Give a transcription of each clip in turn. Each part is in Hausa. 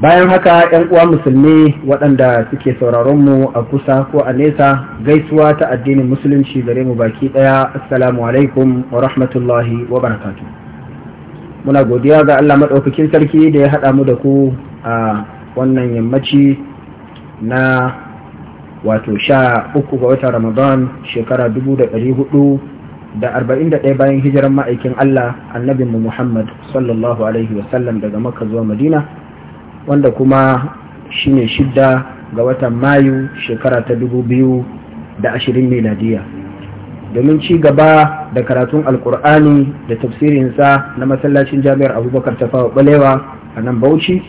bayan haka yan uwa musulmi waɗanda suke sauraron mu a kusa ko a nesa gaisuwa ta addinin musulunci gare mu baki ɗaya assalamu alaikum wa rahmatullahi wa barakatu muna godiya ga Allah maɗaukakin sarki da ya haɗa mu da ku a wannan yammaci na wato sha uku ga watan ramadan shekara dubu da ɗari hudu da arba'in da ɗaya bayan hijiran ma'aikin Allah annabinmu Muhammad sallallahu alaihi wasallam daga Makka zuwa Madina wanda kuma shine shidda ga watan mayu shekara ta dubu biyu da ashirin miladiya domin ci gaba da karatun alkur'ani da tafsirinsa na masallacin jami'ar abubakar ta fawa balewa a nan bauchi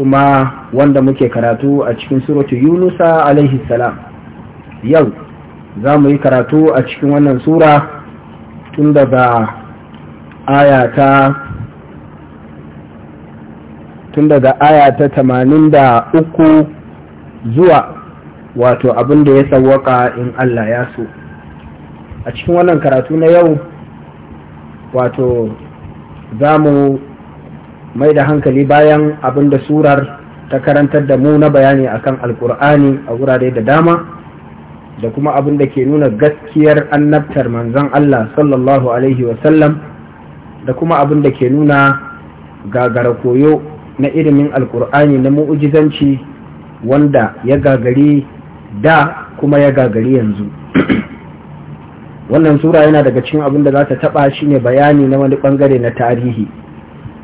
kuma wanda muke karatu a cikin suratu yunusa alaihi salam yau za mu yi karatu a cikin wannan sura tun daga aya ta tun daga aya ta tamanin da uku zuwa wato abin da ya sawwaka in Allah ya so a cikin wannan karatu na yau wato za mu mai da hankali bayan abin da surar ta karantar da mu na bayani akan alkur'ani a wurare da dama da kuma abin da ke nuna gaskiyar annabtar manzon Allah sallallahu alaihi wasallam da kuma abin da ke nuna gagara koyo na ilimin alkur'ani na mu'ujizanci wanda ya gagari da kuma ya gagari yanzu wannan sura yana daga cikin abin da za ta taba ne bayani na wani bangare na tarihi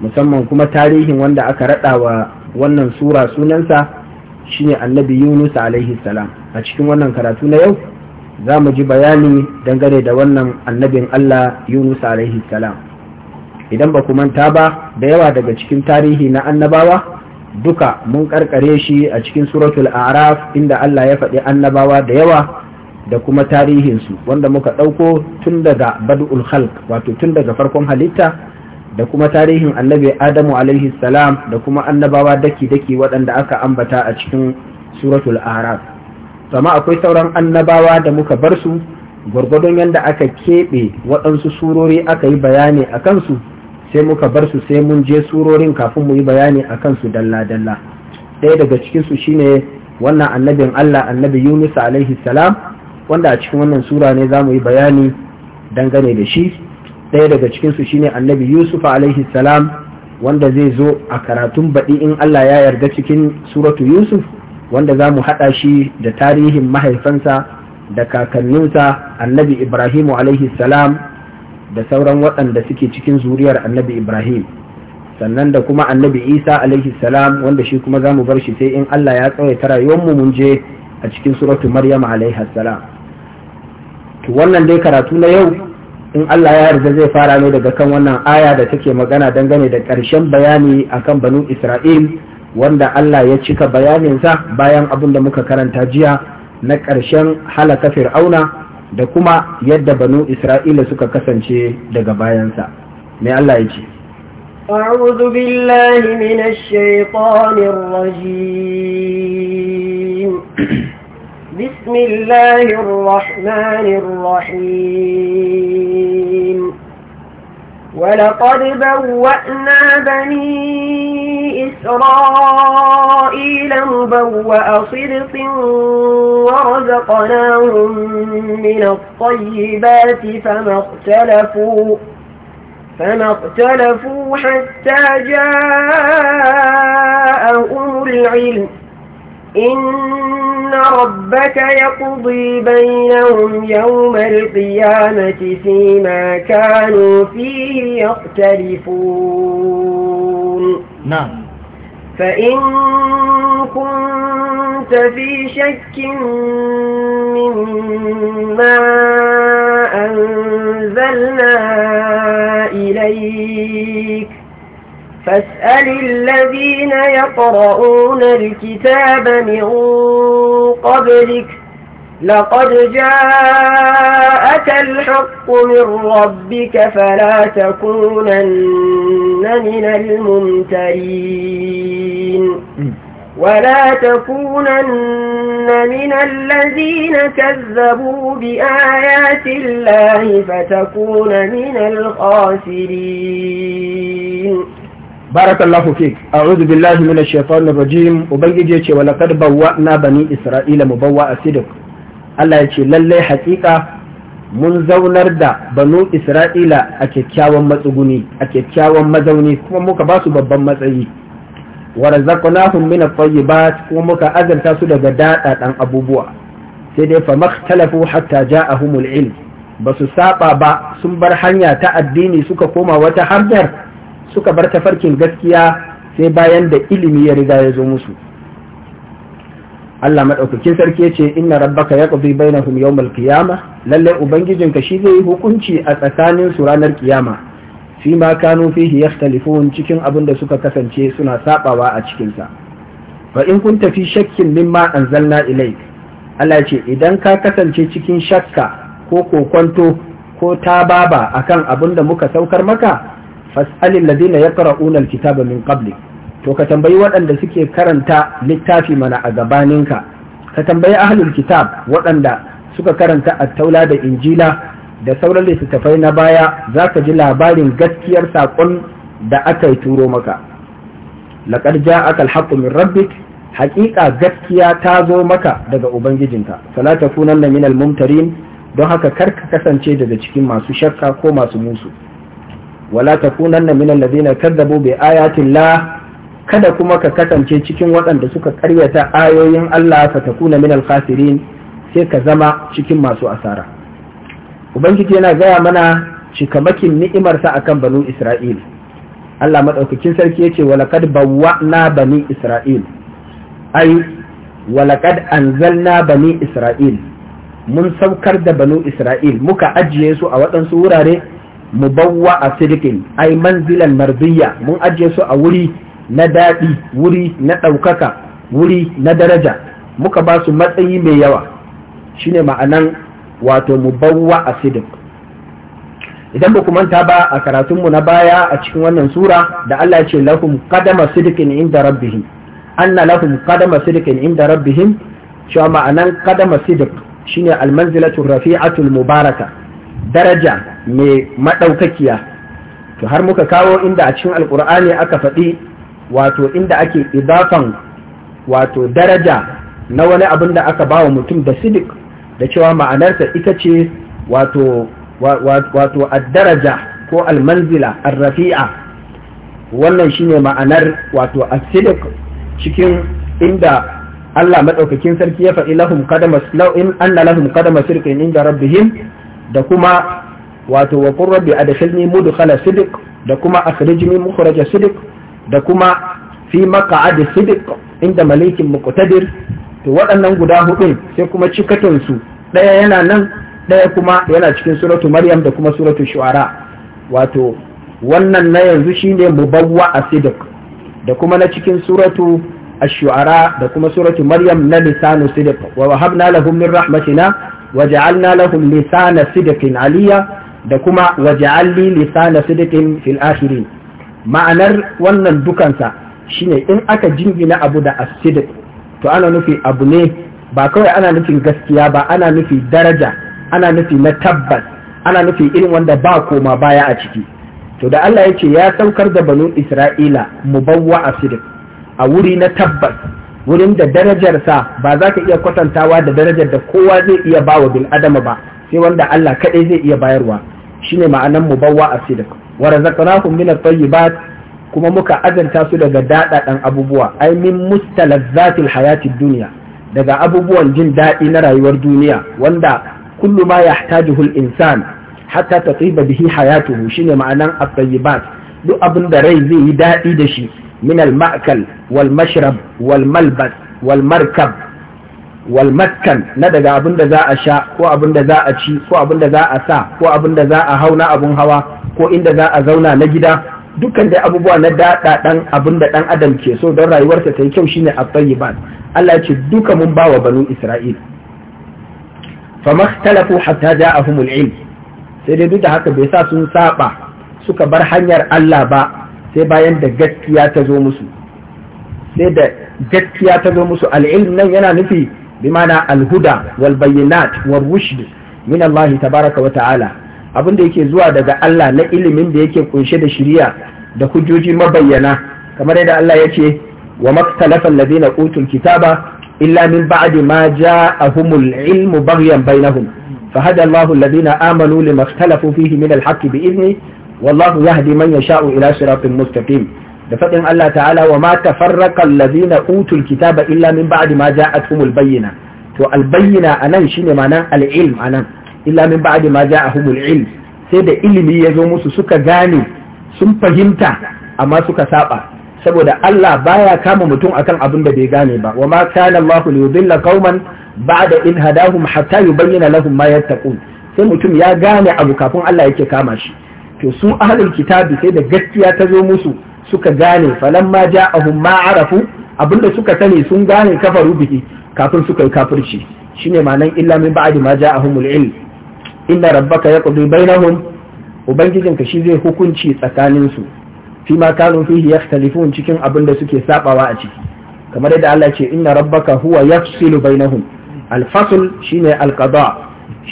musamman kuma tarihin wanda aka rada wa wannan sura sunansa shine annabi yunus alaihi salam a cikin wannan karatu na yau za mu ji bayani dangane da wannan annabin allah yunus alaihi salam idan ba ku manta ba da yawa daga cikin tarihi na annabawa duka mun karkare shi a cikin suratul araf inda Allah ya faɗi annabawa da yawa da kuma tarihinsu wanda muka ɗauko tun daga bad'ul khalq wato tun daga farkon halitta da kuma tarihin annabi adamu alaihi salam da kuma annabawa daki-daki waɗanda aka ambata a cikin suratul araf sama akwai sauran annabawa da muka bar su gwargwadon yadda aka keɓe waɗansu surori aka yi bayani a kansu sai muka bar su sai mun je surorin kafin mu yi bayani a kansu dalla-dalla ɗaya daga cikinsu shine wannan annabin Allah annabi Yunus alaihi salam wanda a cikin wannan sura ne za mu yi bayani dangane da shi ɗaya daga cikinsu shine annabi Yusuf alaihi salam wanda zai zo a karatun baɗi in Allah ya yarda cikin suratu Yusuf wanda za mu haɗa shi da tarihin mahaifansa da kakanninsa annabi Ibrahimu alaihi salam da sauran waɗanda suke cikin zuriyar annabi ibrahim sannan da kuma annabi isa alaihi salam wanda shi kuma zamu bar shi sai in allah ya tsawaita rayuwarmu mun je a cikin suratu maryam alaihi salam to wannan dai karatu na yau in allah ya yarda zai fara ne daga kan wannan aya da take magana dangane da ƙarshen bayani akan banu isra'il wanda allah ya cika bayanin sa bayan abin da muka karanta jiya na ƙarshen halaka fir'auna da kuma yadda banu Isra'ila suka kasance daga bayansa. Me Allah ya ce? A'udhu billahi minash shaitanir rajim. Bismillahirrahmanirrahim. ولقد بوأنا بني إسرائيل مبوأ صدق ورزقناهم من الطيبات فما اختلفوا فما اختلفوا حتى جاءهم العلم إن ربك يقضي بينهم يوم القيامة فيما كانوا فيه يختلفون نعم فإن كنت في شك مما أنزلنا إليك فاسأل الذين يقرؤون الكتاب من قبلك لقد جاءك الحق من ربك فلا تكونن من الممترين ولا تكونن من الذين كذبوا بآيات الله فتكون من الخاسرين barakallahu fi a'udhu billahi minash shaitanir rajim ubangiji yace wa laqad bawwa'na bani isra'ila mubawwa'a sidq Allah ya ce lallai haƙiƙa mun zaunar da banu isra'ila a kyakkyawan matsuguni a kyakkyawan mazauni kuma muka basu babban matsayi wa razaqnahum min at-tayyibat kuma muka azanta su daga daɗaɗan abubuwa sai dai fa makhtalafu hatta ja ja'ahumul ilm basu saba ba sun bar hanya ta addini suka koma wata hanyar suka bar tafarkin gaskiya sai bayan da ilimi ya riga ya zo musu Allah maɗaukakin sarki ya ce inna rabbaka ya ƙubi bai na yawmal kiyama lallai ubangijinka shi zai yi hukunci a tsakanin su ranar kiyama fi ma kanu fihi yakhtalifun cikin abin da suka kasance suna saɓawa a cikinsa fa in kun tafi shakkin mimma anzalna ilai Allah ce idan ka kasance cikin shakka ko kokonto ko tababa akan abin da muka saukar maka Fas'alin ladina yaqra'una alkitaba min qablik to ka tambayi waɗanda suke karanta littafi mana a gabaninka ka tambayi ahlul kitab waɗanda suka karanta a taula da injila da sauran littattafai na baya za ka ji labarin gaskiyar saƙon da aka yi turo maka laƙar ja aka alhaƙu min rabbik haƙiƙa gaskiya ta zo maka daga ubangijinka salata kunan na minal mumtarin don haka kar ka kasance daga cikin masu shakka ko masu musu wala takunanna minal ladina kadzabu bi ayati llah kada kuma ka kasance cikin waɗanda suka karyata ayoyin Allah fa takuna minal khasirin sai ka zama cikin masu asara ubangiji yana gaya mana cikamakin ni'imarsa akan banu isra'il Allah madaukakin sarki yace walaqad bawwa'na bani isra'il ai walaqad anzalna bani isra'il mun saukar da banu isra'il muka ajiye su a waɗansu wurare mubawwa a sidikin, ai manzilan marziya mun ajiye su a wuri na daɗi wuri na ɗaukaka wuri na daraja muka ba su matsayi mai yawa shine ma'anan wato mubawwa a sidik idan ba manta ba a karatunmu na baya a cikin wannan sura da Allah ce lahum kadama sidikin inda rabbihim anna lahum kadama sidikin inda rabbihim cewa ma'anan kadama sidik shine almanzilatu rafi'atul mubaraka daraja mai maɗaukakiya to har muka kawo inda a cikin alkur'ani aka faɗi wato inda ake idafan wato daraja na wani abin da aka ba wa mutum da sidik da cewa ma'anarsa ita ce wato wato addaraja ko almanzila arrafi'a wannan shine ma'anar wato asidik cikin inda Allah madaukakin sarki ya faɗi lahum qadama in anna inda rabbihim da kuma wato wa qur rabbi adkhilni mudkhala sidiq da kuma akhrijni mukhraja sidiq da kuma fi maq'adi sidq inda malikin muqtadir to waɗannan guda huɗu sai kuma cikatun su daya yana nan daya kuma yana cikin suratu maryam da kuma suratu shu'ara wato wannan na yanzu shine mubawwa a sidq da kuma na cikin suratu ash-shu'ara da kuma suratu maryam na lisanu sidiq wa wahabna lahum min rahmatina waja'alna lahum lisana sidikin aliyya da kuma waja'alli lisana sidikin fil akhirin ma'anar wannan dukansa shine in aka jingina abu da asidik to ana nufi abu ne ba kawai ana nufin gaskiya ba ana nufi daraja ana nufi na tabbas ana nufi irin wanda ba koma baya a ciki to da Allah ya ce ya saukar da banu Isra'ila mubawwa asidik a wuri na tabbas wurin da darajarsa ba za ka iya kwatantawa da darajar da kowa zai iya ba wa bil adama ba sai wanda Allah kaɗai zai iya bayarwa shine ma'anan mubawwa a sidik wa razaqnahum min at-tayyibat kuma muka azanta su daga daɗaɗan abubuwa ai min mustalazzatil hayatid dunya daga abubuwan jin daɗi na rayuwar duniya wanda kullu ma yahtajuhu al-insan hatta tatiba bihi hayatuhu shine ma'anan at-tayyibat duk abin da rai zai yi daɗi da shi من المأكل والمشرب والملبس والمركب walmatkan na daga abin da za a sha ko abin da za a ci ko abin da za a sa ko abin da za a abin hawa ko inda za a zauna na gida dukkan dai abubuwa na daɗa ɗan abin da ɗan adam ke so don rayuwarsa ta yi kyau shine at-tayyibat Allah ce duka mun bawa banu Isra'il famastalafu hatta ja'ahumul ilm sai dai duk da haka bai sa sun saba suka bar hanyar Allah ba sai bayan da gaskiya ta zo musu sai da gaskiya ta zo musu al'ilm nan yana nufi bi mana alhuda wal bayyinat wal rushd min Allah tabaraka wa ta'ala abin da yake zuwa daga Allah na ilimin da yake kunshe da shiriya da hujjoji mabayyana kamar yadda Allah ya ce wa maktalafa alladhina utul kitaba illa min ba'adi ma ja'ahumul ilmu baghyan bainahum فهدى Amanu الذين آمنوا لما اختلفوا min من bi izini. wallahu yahdi man ya yasha'u ila siratin mustaqim da fadin Allah ta'ala wa ma tafarraqa allazina utul kitaba illa min ba'di ma ja'atuhumul bayyina to albayyana anan shine ma'anan al'ilm anan illa min ba'di ma ja'ahumul ilm sai da ilimi ya zo musu suka gane sun fahimta amma suka saɓa saboda Allah baya kama mutum akan abin da bai gane ba wa ma kana Allahu li yudilla qauman ba'da in hadahum hatta bayyana lahum ma yattaqun sai mutum ya gane abu kafin Allah yake kama shi to su ahlul kitabi sai da gaskiya ta zo musu suka gane ja ja'ahum ma arafu abinda suka sani sun gane kafaru biki kafin suka yi kafirci shine ma'anan illa min ba'di ma ja'ahumul ilm inna rabbaka yaqdi bainahum ubangijinka shi zai hukunci tsakanin su fi ma kanu fihi yakhtalifun cikin abinda suke sabawa a ciki kamar yadda Allah ce inna rabbaka huwa yafsilu bainahum al-fasl shine al-qada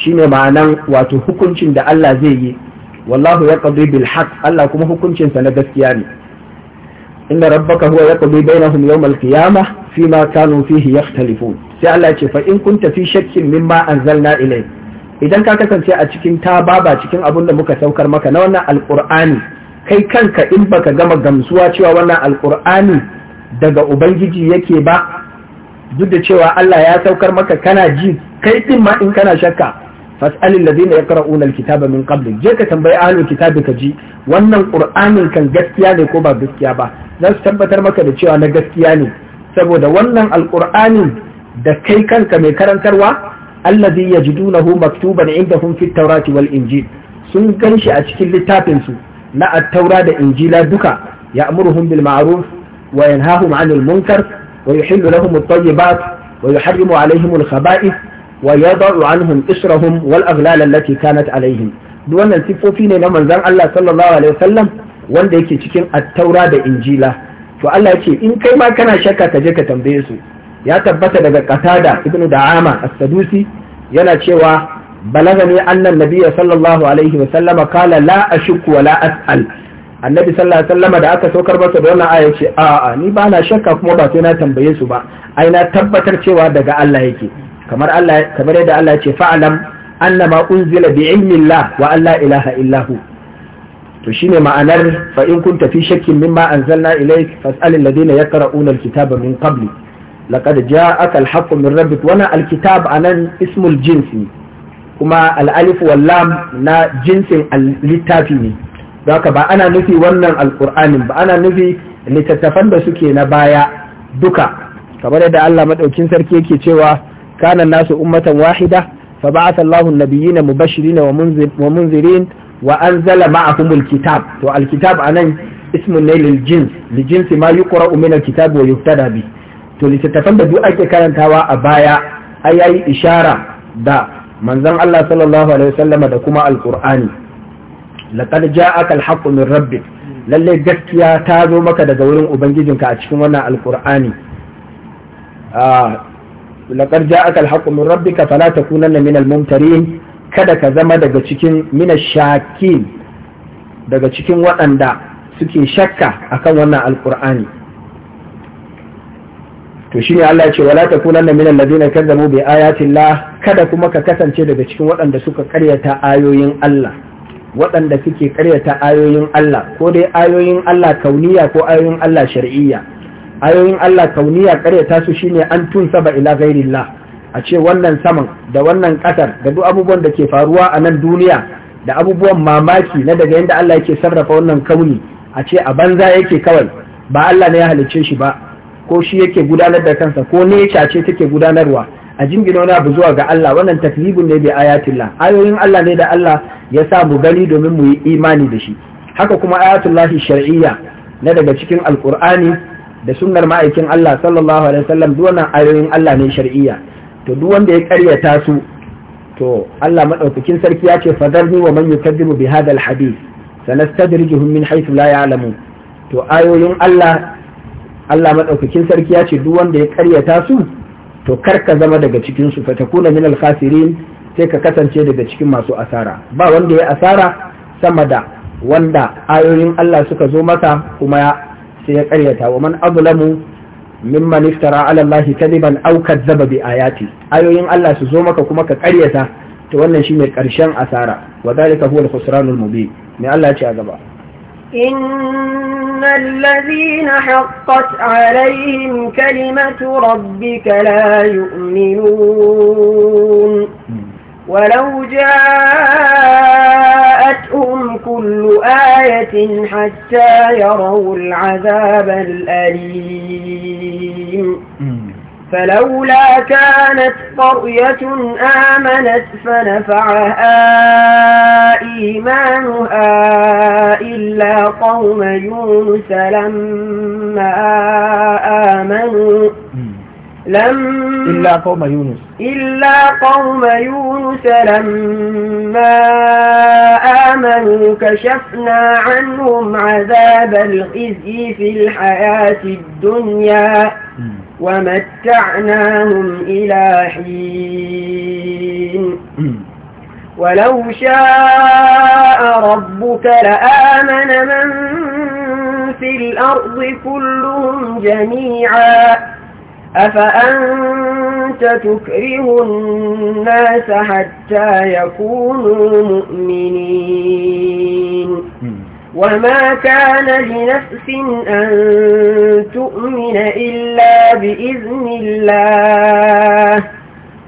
shine ma'anan wato hukuncin da Allah zai yi wallahu yaqdi bil haqq Allah kuma hukuncin sa na gaskiya ne inna rabbaka huwa yaqdi bainahum yawm al qiyamah fima kanu fihi yakhtalifun sai Allah ya ce fa in kunta fi shakkin mimma anzalna ilayk idan ka kasance a cikin ta baba cikin abin da muka saukar maka na wannan alqur'ani kai kanka in baka gama gamsuwa cewa wannan alqur'ani daga ubangiji yake ba duk da cewa Allah ya saukar maka kana ji kai din ma in kana shakka fas'alil ladina yaqra'una alkitaba min qablik je ka tambayi ahlul kitabi ka ji wannan qur'anin kan gaskiya ne ko ba gaskiya ba Zan tabbatar maka da cewa na gaskiya ne saboda wannan alqur'anin da kai kanka mai karantarwa allazi yajidunahu maktuban indahum fit tawrati wal injil sun ganshi a cikin littafin su na at-taura da injila duka ya'muruhum bil ma'ruf wa yanhahum 'anil munkar wa yuhillu lahum at-tayyibat wa yuharrimu 'alayhim al-khaba'ith wa yadau anhum israhum wal aghlal allati kanat duk wannan sifofi ne na manzon Allah sallallahu alaihi wasallam wanda yake cikin attaura da injila to Allah yake in kai ma kana shakka ka je ka tambaye su ya tabbata daga qatada ibnu da'ama as-sadusi yana cewa ne annan nabiyya sallallahu alaihi wasallam kala la ashku wa la as'al annabi sallallahu alaihi wasallam da aka saukar masa da wannan aya ce a'a ni ba na shakka kuma ba sai na tambaye su ba ai na tabbatar cewa daga Allah yake kamar Allah yadda Allah ya ce fa'alam annama unzila bi ilmillah wa Allah ilaha illahu to ne ma'anar fa in kunta fi shakkin mimma anzalna ilayk ya alladhina unar kitaba min qabli laqad ja'aka alhaqqu min rabbik wa na alkitab anan ismul jinsi kuma al'alif wal lam na jinsin littafi ne haka ba ana nufi wannan alqur'anin ba ana nufi littattafan da suke na baya duka kamar yadda Allah madaukin sarki yake cewa kana nasu ummata wahida fa ba'atha Allahu na nabiyina mubashirin wa munzirin wa anzala ma'ahum al-kitab to alkitab kitab anan ismun ne lil jins li jins ma yuqra'u min al-kitab wa yuftada bi to littattafan da duk ake karantawa a baya ai yayi ishara da manzon Allah sallallahu alaihi wasallama da kuma alkur'ani qurani laqad ja'aka al-haqqu min rabbik lalle gaskiya ta zo maka daga wurin ubangijinka a cikin wannan alkur'ani. laqad ja'aka al-haqqu min rabbika fala kada ka zama daga cikin min shakin daga cikin waɗanda suke shakka akan wannan alkur'ani to shine Allah ya ce wala takunanna min alladhina kazzabu bi ayati kada kuma ka kasance daga cikin waɗanda suka karyata ayoyin Allah waɗanda suke karyata ayoyin Allah ko dai ayoyin Allah kauniya ko ayoyin Allah shar'iyya ayoyin Allah kauniya karyata su shine an ba ila ghairillah a ce wannan saman da wannan kasar da duk abubuwan da ke faruwa a nan duniya da abubuwan mamaki na daga yadda Allah yake sarrafa wannan kauni a ce a banza yake kawai ba Allah ne ya halicce shi ba ko shi yake gudanar da kansa ko ne ce take gudanarwa a jingina wani abu zuwa ga Allah wannan taklibin ne bi ayatullah ayoyin Allah ne da Allah ya sa mu gani domin mu yi imani da shi haka kuma ayatullahi shar'iyya na daga cikin alqur'ani da sunnar ma'aikin Allah sallallahu alaihi wasallam duk wannan ayoyin Allah ne shar'iyya to duk wanda ya karyata su to Allah madaukakin sarki ya ce fadarni wa man yukadzibu bi hadha alhadith sanastadrijuhum min haythu la ya'lamu to ayoyin Allah Allah madaukakin sarki ya ce duk wanda ya karyata su to karka zama daga cikin su fa takuna min alkhasirin sai ka kasance daga cikin masu asara ba wanda ya asara sama da wanda ayoyin Allah suka zo masa kuma ya sai ya karyata wa man azlamu mimman iftara ala Allah kadiban aw kadzaba bi ayati ayoyin Allah su zo maka kuma ka karyata to wannan shine karshen asara wa dalika huwa al-khusran al-mubin me Allah ya ce a gaba إن الذين حقت عليهم كلمة ربك لا يؤمنون ولو جاءتهم كل آية حتى يروا العذاب الأليم فلولا كانت قرية آمنت فنفعها إيمانها إلا قوم يونس لما آمنوا لم إلا قوم يونس إلا قوم يونس لما آمنوا كشفنا عنهم عذاب الخزي في الحياة الدنيا ومتعناهم إلى حين ولو شاء ربك لآمن من في الأرض كلهم جميعا أفأنت تكره الناس حتى يكونوا مؤمنين وما كان لنفس أن تؤمن إلا بإذن الله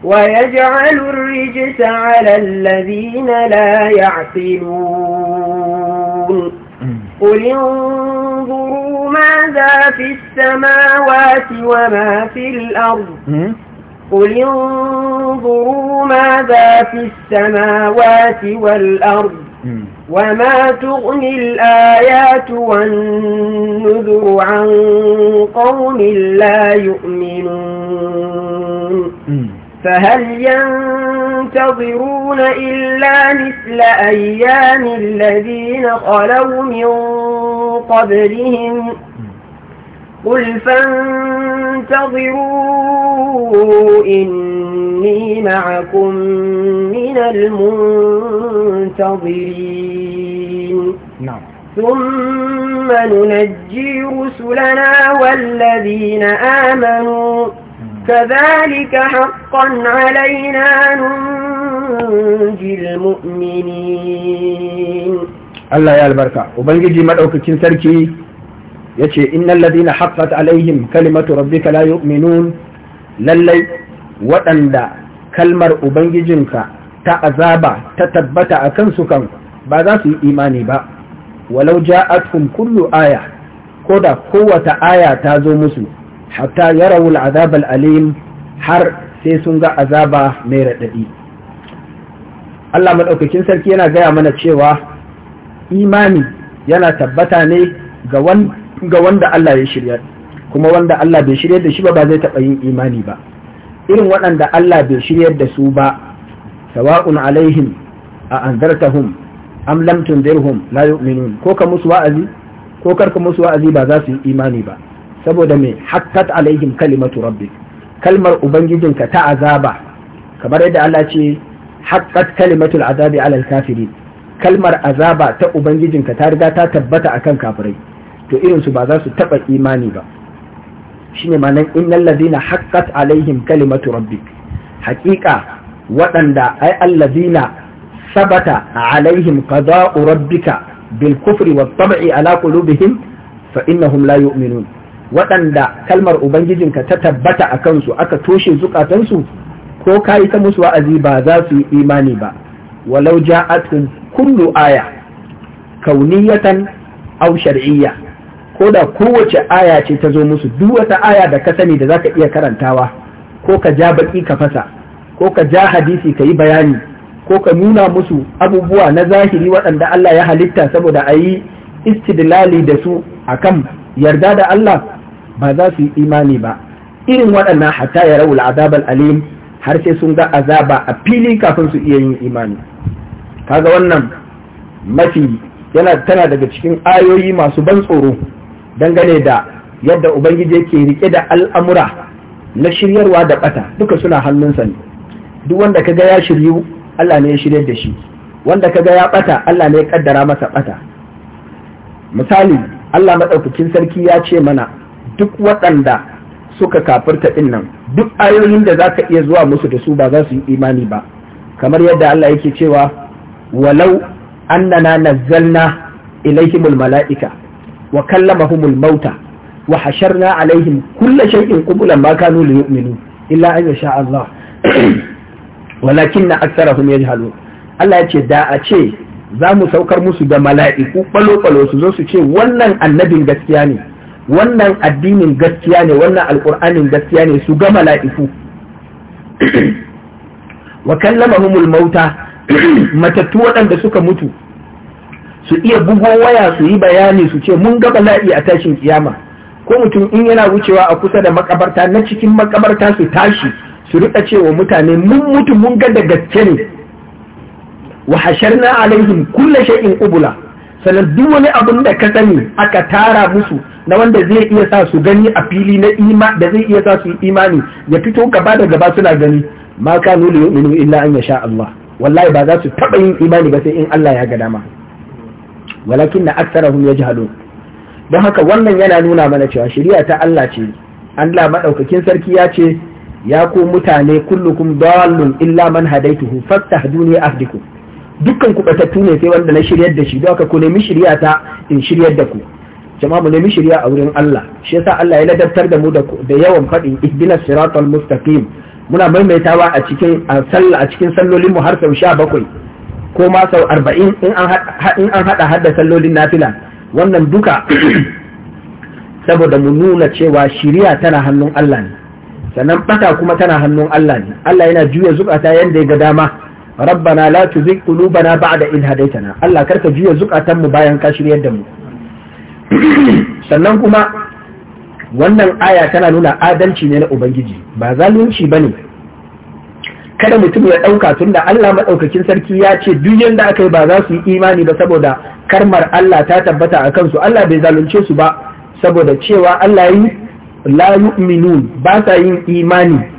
ويجعل الرجس على الذين لا يعقلون قل انظروا ماذا في السماوات وما في الأرض قل انظروا ماذا في السماوات والأرض وما تغني الآيات والنذر عن قوم لا يؤمنون فهل ينتظرون إلا مثل أيام الذين خلوا من قبلهم قل فانتظروا إني معكم من المنتظرين نعم ثم ننجي رسلنا والذين آمنوا كذلك حقا علينا ننجي المؤمنين الله يا البركة وبنجي مدعوك كنسركي يتي إن الذين حقت عليهم كلمة ربك لا يؤمنون للي وأندى kalmar ubangijinka ta azaba ta tabbata a kansu kan ba za su yi imani ba Walauja ja'atkum kullu aya ko da kowace aya ta zo musu hatta yarawu al'azab al'alim har sai sun ga azaba mai raɗaɗi Allah maɗaukakin sarki yana gaya mana cewa imani yana tabbata ne ga wanda Allah ya shirya kuma wanda Allah bai shirya da shi ba ba zai taɓa yin imani ba irin waɗanda Allah bai shirya da su ba sawa'un alaihim a anzartahum am lam tundirhum la yu'minun ko ka musu wa'azi ko karka musu wa'azi ba za su yi imani ba saboda mai hakkat alaihim kalimatu rabbi kalmar ubangijinka ta azaba kamar yadda Allah ce hakkat kalimatul azabi alal kafiri kalmar azaba ta ubangijinka ta riga ta tabbata akan kafirai to irin su ba za su taba imani ba shine ma'anar innal ladina haqqat alaihim kalimatu rabbi Haƙiƙa waɗanda ai alladina sabata alaihim qada'u rabbika bil kufri wat tab'i ala qulubihim fa innahum la yu'minun waɗanda kalmar ubangijinka ta tabbata a kansu aka toshe zukatansu ko ka yi ta musu wa'azi ba za su yi imani ba walau ja'atun kullu aya kauniyatan aw shar'iyya ko da kowace aya ce ta zo musu duk wata aya da ka sani da zaka iya karantawa ko ka ja baƙi ka fasa ko ka ja hadisi ka yi bayani ko ka nuna musu abubuwa na zahiri waɗanda Allah ya halitta saboda a yi istidlali da su akan yarda da Allah ba za su yi imani ba irin waɗannan hatta ya rawul azabal alim har sai sun ga azaba a fili kafin su iya yin imani kaga wannan mafi yana tana daga cikin ayoyi masu ban tsoro dangane da yadda ubangiji yake rike da al'amura na shiryarwa da bata duka suna hannunsa ne duk wanda ka ga ya shiryu Allah ne ya shiryar da shi wanda ka ga ya bata Allah ne ya kaddara masa bata misali Allah madaukakin sarki ya ce mana duk waɗanda suka kafirta ɗin nan duk ayoyin da za ka iya zuwa musu da su ba za su yi imani ba kamar yadda Allah yake cewa walau annana nazzalna ilaihimul mala'ika wa kallamahumul mauta wa hasharna alaihim kulla shay'in qubulan ma kanu liyu'minu illa an yasha Allah walakin aktharahum yajhalun Allah ya ce da a ce za mu saukar musu da mala'iku balo-balo su zo su ce wannan annabin gaskiya ne wannan addinin gaskiya ne wannan alƙur'anin gaskiya ne su ga mala'iku wa humul mauta matattu waɗanda suka mutu su iya bugo waya su yi bayani su ce mun ga bala'i a tashin kiyama ko mutum in yana wucewa a kusa da makabarta na cikin makabarta su tashi su rika cewa mutane mun mutu mun ga da gaske ne wa hasharna alaihim kullu shay'in qubula sannan duk wani abin da ka sani aka tara musu na wanda zai iya sa su gani a fili na ima da zai iya sa su imani ya fito gaba da gaba suna gani ma nuna li yu'minu illa an yasha Allah wallahi ba za su taba yin imani ba sai in Allah ya ga dama walakin na ji halo don haka wannan yana nuna mana cewa shari'a ta Allah ce Allah madaukakin sarki ya ce ya ku mutane kullukum dallun illa man hadaytuhu fastahduni ahdikum dukkan ku batattu ne sai wanda na shiryar da shi haka ku nemi shirya ta in shiryar da ku jama'a mu nemi shirya a wurin Allah shi yasa Allah ya ladabtar da mu da yawan faɗin ihdinas siratal mustaqim muna maimaitawa a cikin sallah a cikin sallolin mu har sau 17 ko ma sau 40 in an hada hadda sallolin nafila wannan duka saboda mu nuna cewa shiriya tana hannun Allah ne sannan bata kuma tana hannun Allah ne Allah yana juya zukata yanda ya ga dama rabbana la tuzigh qulubana ba'da idh hadaytana Allah karka juya zukatan mu bayan ka shiryar da mu sannan kuma wannan aya tana nuna adalci ne na ubangiji ba zalunci bane kada mutum ya dauka tunda Allah madaukakin sarki ya ce duk yanda aka yi ba za su yi imani ba saboda karmar Allah ta tabbata a kansu Allah bai zalunce su ba saboda cewa Allah yi la yu'minun ba sa yin imani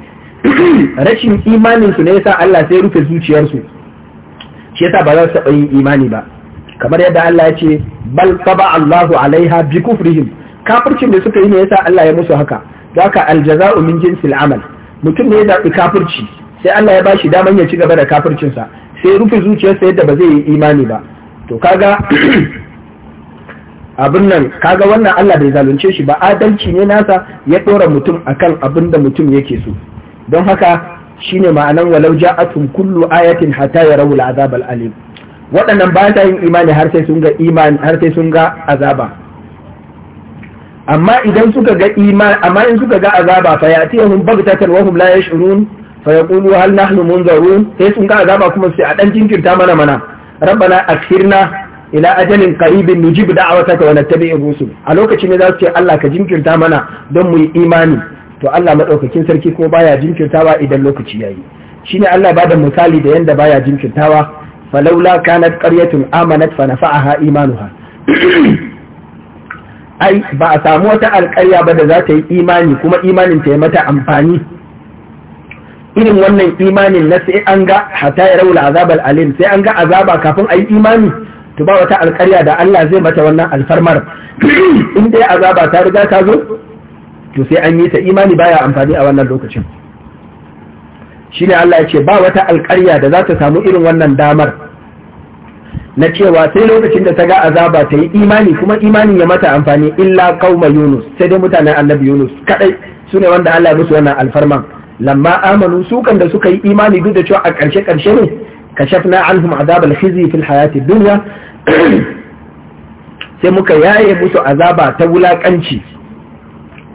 rashin imanin su ne yasa Allah sai rufe zuciyarsu shi yasa ba za su taba yin imani ba kamar yadda Allah ya ce bal taba Allahu alaiha bi kufrihim kafircin da suka yi ne yasa Allah ya musu haka zaka aljaza'u min jinsil amal mutum ne ya zabi kafirci sai Allah ya bashi daman ya ci gaba da kafircinsa sai rufe zuciyarsa yadda ba zai yi imani ba to kaga abin nan kaga wannan Allah bai zalunce shi ba adalci ne nasa ya dora mutum akan abin da mutum yake so don haka shine ma'anan walau ja'atun kullu ayatin hatta yarawul azab al waɗannan ba ta yin imani har sai sun ga imani har sai sun ga azaba amma idan suka ga imani amma in suka ga azaba fa yatihum baghtatan wa hum la yash'urun fa yaqulu hal nahnu munzarun sai sun ga azaba kuma sai a dan jinkirta mana mana rabbana akhirna ila ajalin qaribin nujib da'awataka wa nattabi'ir rusul a lokacin ne za su ce Allah ka jinkirta mana don mu yi imani to Allah maɗaukakin sarki kuma baya jinkirtawa idan lokaci yayi shine Allah ba da misali da yanda baya jinkirtawa falaula kanat qaryatun amanat fa nafa'aha imanuha ai ba a samu wata alƙarya ba da za ta yi imani kuma imanin ta yi mata amfani irin wannan imanin na sai an ga hata ya raula azabal alim sai an ga azaba kafin a yi imani to ba wata alƙarya da Allah zai mata wannan alfarmar in dai azaba ta riga ta zo to sai an yi ta imani baya amfani a wannan lokacin shine Allah ya ce ba wata alƙarya da za ta samu irin wannan damar na cewa sai lokacin da ta ga azaba ta yi imani kuma imani ya mata amfani illa kauma yunus sai dai mutanen annabi yunus kadai su ne wanda Allah ya musu wannan alfarman lamma amanu su kan da suka yi imani duk da cewa a ƙarshe ƙarshe ne kashafna anhum azab al-khizi fil hayati dunya sai muka yaye musu azaba ta wulakanci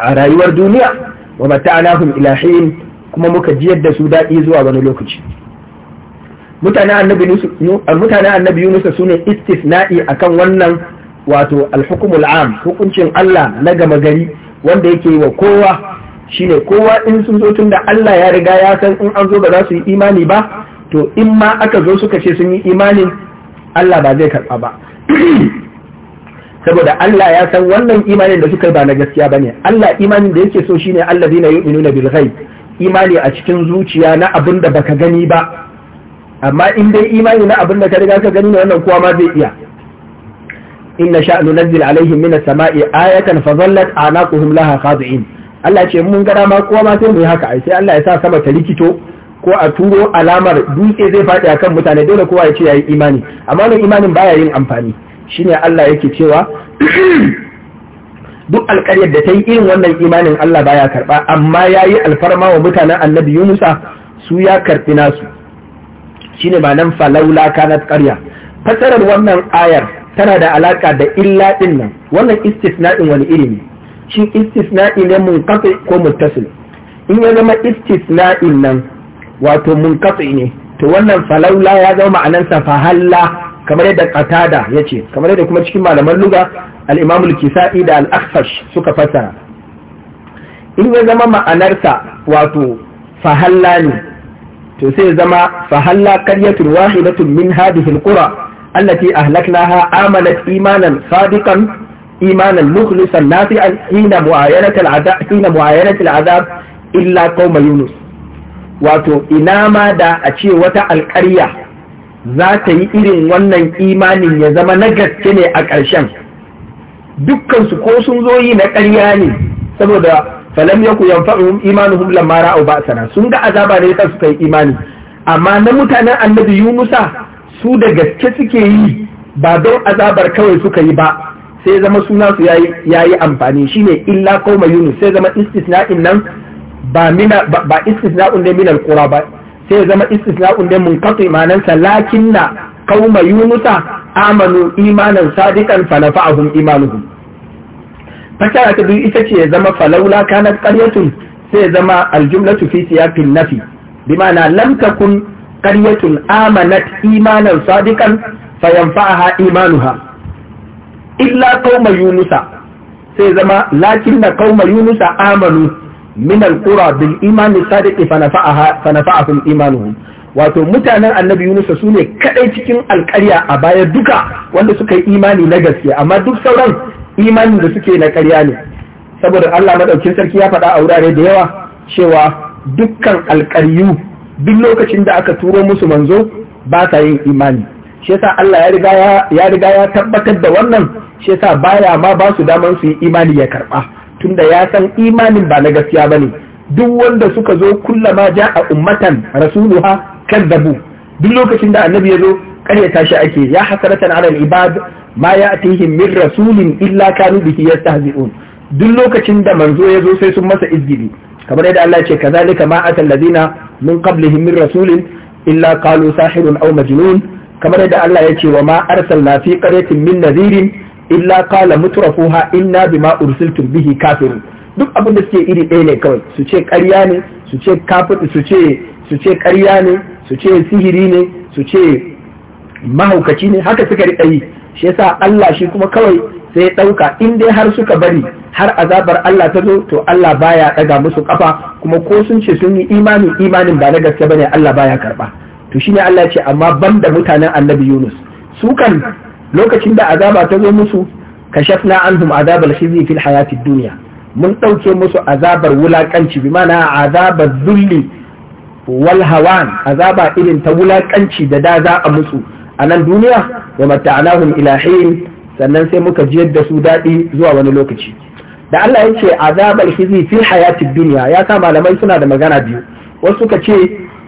a rayuwar duniya wa mata'anahum ila kuma muka jiyar da su daɗi zuwa wani lokaci mutanen annabi yunus su ne istisna'i akan wannan wato alhukumul am hukuncin allah na gama gari wanda yake wa kowa shine kowa in sun zo tun da allah ya riga ya san in an zo ba za su yi imani ba to in ma aka zo suka ce sun yi imanin allah ba zai karɓa ba saboda Allah ya san wannan imanin da suka yi ba na gaskiya bane Allah imanin da yake so shine allazina yu'minuna bil ghaib imani a cikin zuciya na abin da baka gani ba amma in dai imani na abin da ka riga ka gani ne wannan kuwa ma zai iya inna sha nunzil alaihim as sama'i ayatan fa zallat anaquhum laha khadi'in Allah ce mun gara ma kowa ma sai mu yi haka ai sai Allah ya sa sama ta rikito ko a turo alamar dutse zai faɗi akan mutane dole kowa ya ce yayi imani amma wannan imanin baya yin amfani shine Allah yake cewa duk alƙaryar da ta yi irin wannan imanin Allah baya karɓa amma ya yi alfarma wa mutanen annabi Yunusa su ya karɓi nasu shine ma'anan falaula kanat ƙarya fasarar wannan ayar tana da alaƙa da illa ɗin nan wannan istisna'in wani iri ne shin istisna'i ne kafa ko muttasil in ya zama istisna'in nan wato kafa ne to wannan falaula ya zama ma'anansa fahalla kamar yadda qatada yace kamar yadda kuma cikin malaman luga al-imam al-kisa'i da al-akhfash suka fassara in ya zama ma'anarsa wato fahallani ne to sai zama fahalla qaryatun wahidatun min hadhihi al-qura allati ahlaknaha amanat imanan sadiqan imanan mukhlisan nafi'an hina mu'ayanat al-'adab hina mu'ayanat al-'adab illa qaum yunus wato ina ma da a ce wata alƙarya za ta yi irin wannan imanin ya zama na gaske ne a ƙarshen dukkansu ko sun zo yi na ƙarya ne saboda falam yaku yanfa'uhum mara lamma ra'u ba'sana sun ga azaba ne kan suka yi imani amma na mutanen annabi Yunusa su da gaske suke yi ba don azabar kawai suka yi ba sai zama suna su yi amfani shine illa kawai Yunus sai zama istisna'in nan ba istisna'un ne minar kura ba sai zama istisna'un da imanansa manansa lakinna kauma yunusa amanu imanan sadiqan fanafa'ahum imanuhum fasara ta biyu ita ce ya zama falaula na qaryatun sai ya zama aljumlatu fi siyaqin nafi bima'ana lam takun qaryatun amanat imanan sadiqan fayanfa'aha imanuha illa kauma yunusa sai zama na kauma yunusa amanu min alqura bil iman sadiq fa nafa'aha wato mutanen annabi Yunus su ne kadai cikin alƙarya a baya duka wanda suka yi imani na gaske amma duk sauran imanin da suke na karya ne saboda Allah madaukin sarki ya faɗa a wurare da yawa cewa dukkan alkaryu duk lokacin da aka turo musu manzo ba sa yin imani shi yasa Allah ya riga ya riga ya tabbatar da wannan shi yasa baya ma ba su daman su yi imani ya karba tunda ya san imanin ba na gaskiya bane duk wanda suka zo kullama a ummatan rasuluha kadzabu duk lokacin da annabi ya zo karyata shi ake ya hasaratan ala ibad ma ya'tihim min rasulin illa kanu bihi yastahzi'un duk lokacin da manzo ya zo sai sun masa izgidi. kamar yadda Allah ce kazalika ma atal ladina min qablihim min rasulin illa qalu sahirun aw majnun kamar yadda Allah ya ce wa ma arsalna fi qaryatin min nadhirin illa qala mutrafuha inna bima ursiltum bihi kafirun duk abin da suke iri ɗaya ne kawai su ce ƙarya ne su ce kafir su ce su ce ƙarya ne su ce sihiri ne su ce mahaukaci ne haka suka riƙa yi shi yasa Allah shi kuma kawai sai ya ɗauka in dai har suka bari har azabar Allah ta zo to Allah baya ɗaga musu ƙafa kuma ko sun ce sun yi imanin imanin ba na gaske bane Allah baya karɓa to shine Allah ya ce amma banda mutanen Annabi Yunus su kan lokacin da azaba ta zo musu kashafna anhum azab al-khizi fil hayati dunya mun dauke musu azabar wulakanci bi mana azabar zulli wal hawan azaba irin ta wulakanci da da za a musu a nan duniya wa mata'anahum ila hin sannan sai muka jiyar da su daɗi zuwa wani lokaci da Allah ya ce azabar khizi fil hayati dunya ya sa malamai suna da magana biyu wasu suka ce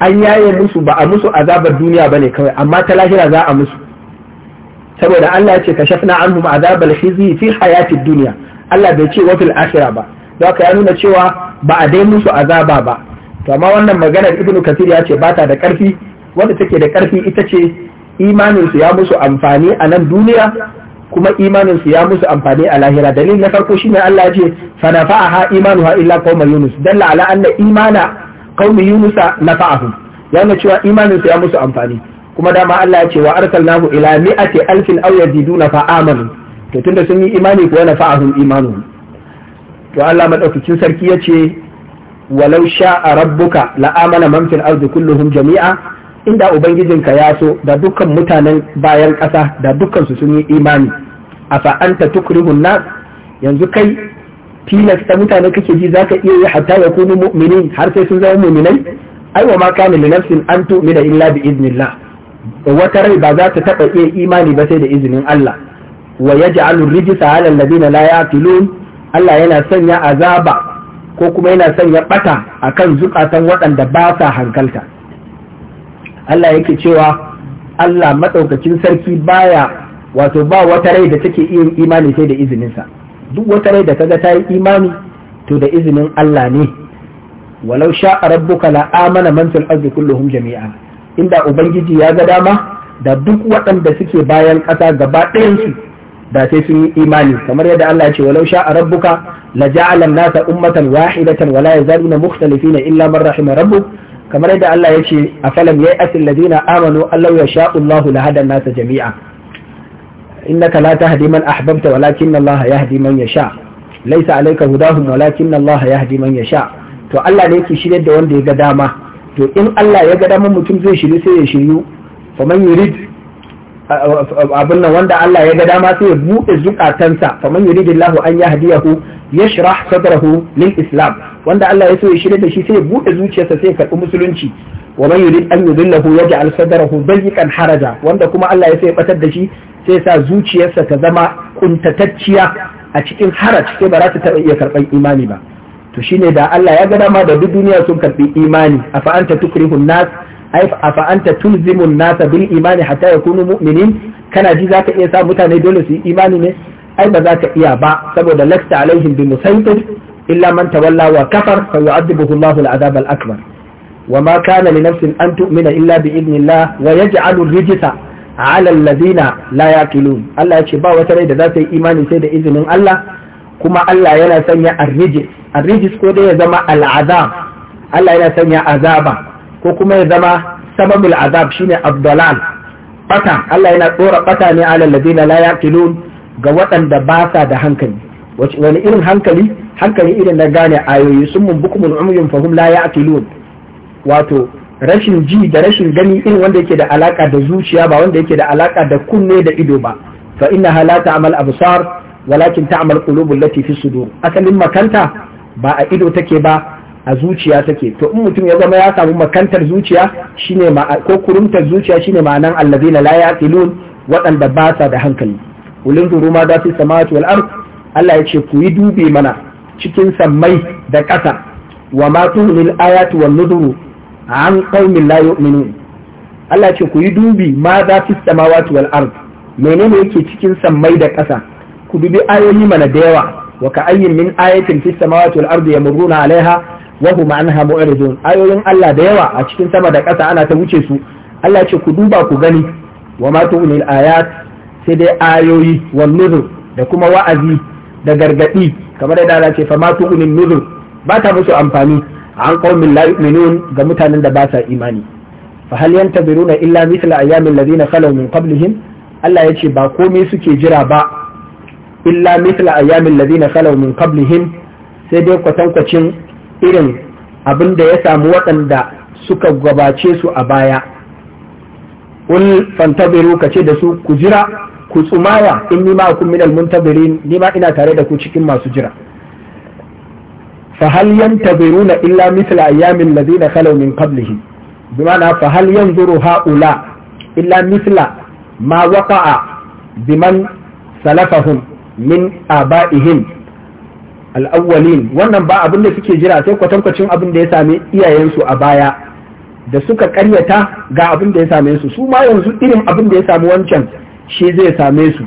an yaye musu ba a musu azabar duniya bane kawai amma ta lahira za a musu saboda Allah ya ce kashafna anhum azabal khizi fi hayatid dunya Allah bai ce wa fil akhirah ba don haka ya nuna cewa ba a dai musu azaba ba to amma wannan maganar ibnu kathir ya ce bata da karfi wanda take da karfi ita ce imanin su ya musu amfani a nan duniya kuma imanin su ya musu amfani a lahira dalil na farko shine Allah ce fa nafa'aha imanuha illa qauma yunus dalla ala anna imana qaumi yunus nafa'ahum nuna cewa imanin su ya musu amfani kuma dama Allah ya ce wa arsalnahu ila mi'ati alfin aw yaziduna fa amanu to tunda sun yi imani ko na fa'ahum imanu to Allah madaukakin sarki ya ce walau sha'a rabbuka la amana man fil ardi kulluhum jami'a inda ubangijinka ya so da dukkan mutanen bayan ƙasa da dukkan su sun yi imani afa anta tukrihun nas yanzu kai ta mutane kake ji zaka iya yi hatta ya kunu mu'minin har sai sun zama mu'minai ai wa ma kana li nafsin an tu'mina illa bi idnillah wata rai ba za ta taɓa iya imani ba sai da izinin Allah wa ya yaj'alur rijsa 'ala alladhina la ya'qilun Allah yana sanya azaba ko kuma yana sanya a kan zukatan waɗanda ba sa hankalta Allah yake cewa Allah maɗaukacin sarki baya wato ba wata rai da take iya imani sai da izininsa duk wata rai da kaga ta yi imani to da izinin Allah ne walau sha'a rabbuka la amana man fil ardi kulluhum jami'a inda ubangiji ya ga dama da duk waɗanda suke bayan ƙasa gaba ɗayansu da sai sun yi imani kamar yadda Allah ya ce walau sha a rabbuka la ja'ala nasa ummatan wahidatan wala yazaluna mukhtalifina illa man rahima rabbuk kamar yadda Allah ya ce a falam yayi asil amanu allahu ya sha Allahu la hada nasa jami'a innaka la tahdi man ahbabta walakin Allah yahdi man yasha laysa alayka hudahum walakin Allah yahdi man yasha to Allah ne yake shirye da wanda ya ga dama to in Allah ya ga dama mutum zai shiri sai ya shiryu faman yurid abin nan wanda Allah ya ga dama sai ya buɗe zukatansa faman yuridillahu an yahdiyahu yashrah sadrahu lil islam wanda Allah ya so ya shirye da shi sai ya buɗe zuciyarsa sai ya karɓi musulunci wa man yurid an yudillahu yaj'al sadrahu kan haraja wanda kuma Allah ya so ya batar da shi sai sa zuciyarsa ta zama kuntatacciya a cikin haraj sai ba za ta iya karɓar imani ba to shine da Allah ya ga dama da duk duniya sun karbi imani afa anta tukrihun nas ai afa anta tulzimun nas bil imani hatta yakunu mu'minin kana ji zaka iya sa mutane dole su yi imani ne ai ba za ka iya ba saboda lasta alaihim bi musaitir illa man tawalla wa kafar fa yu'adibuhu Allahu al al-akbar wa ma kana li nafsin an tu'mina illa bi idnillah wa yaj'alu rijsa ala alladhina la yaqilun Allah ya ce ba wata rai da za ta yi imani sai da izinin Allah kuma Allah yana sanya arrijis arrijis ko dai ya zama al'azab Allah yana sanya azaba ko kuma ya zama sababul azab shine abdalal bata Allah yana tsora bata ne ala ladina la yaqilun ga waɗanda ba sa da hankali wani irin hankali hankali irin na gane ayoyi sun mun bukumul umyun fahum la yaqilun wato rashin ji da rashin gani irin wanda yake da alaka da zuciya ba wanda yake da alaka da kunne da ido ba fa inna la amal absar walakin ta'mal qulubul lati fi sudur asalin makanta ba a ido take ba a zuciya take to in mutum ya zama ya samu makantar zuciya shine ko kurumtar zuciya shine ma'anan allazina la yaqilun waɗanda ba sa da hankali ulin zuru ma da fi samawati wal ard Allah ya ce ku yi dubi mana cikin sammai da ƙasa wa ma tuhnil ayatu wan nuduru an qaumin la yu'minun Allah ya ce ku yi dubi ma da fi samawati wal ard menene yake cikin sammai da ƙasa ku dubi ayoyi mana da yawa wa ka ayyin min ayatin fis samawati wal ardi yamurruna alaiha wa hum anha mu'ridun ayoyin Allah da yawa a cikin sama da ƙasa ana ta wuce su Allah ce ku duba ku gani wa ma tu'ni ayat sai dai ayoyi wal nuzur da kuma wa'azi da gargadi kamar da Allah ce fa ma tu'ni nuzur ba ta musu amfani an qaumin la yu'minun ga mutanen da ba sa imani fa hal yantaziruna illa misala ayyamin ladina khalaw min qablihim Allah ya ce ba komai suke jira ba illa mithla ayyamin ladina khalaw min qablihim sai dai kwatankwacin irin abin da ya samu waɗanda suka gabace su a baya ul fantabiru kace da su ku jira ku tsumaya in ni ma kun minal muntabirin ni ma ina tare da ku cikin masu jira fa hal yantabiruna illa mithla ayyamin ladina khalaw min qablihim bimana fa hal yanzuru haula illa mithla ma waqa'a biman salafahum min aba'ihim al'awwalin wannan ba abin da suke jira sai kwatankwacin abin da ya same iyayensu a baya da suka karyata ga abin da ya same su su ma yanzu irin abin da ya samu wancan shi zai same su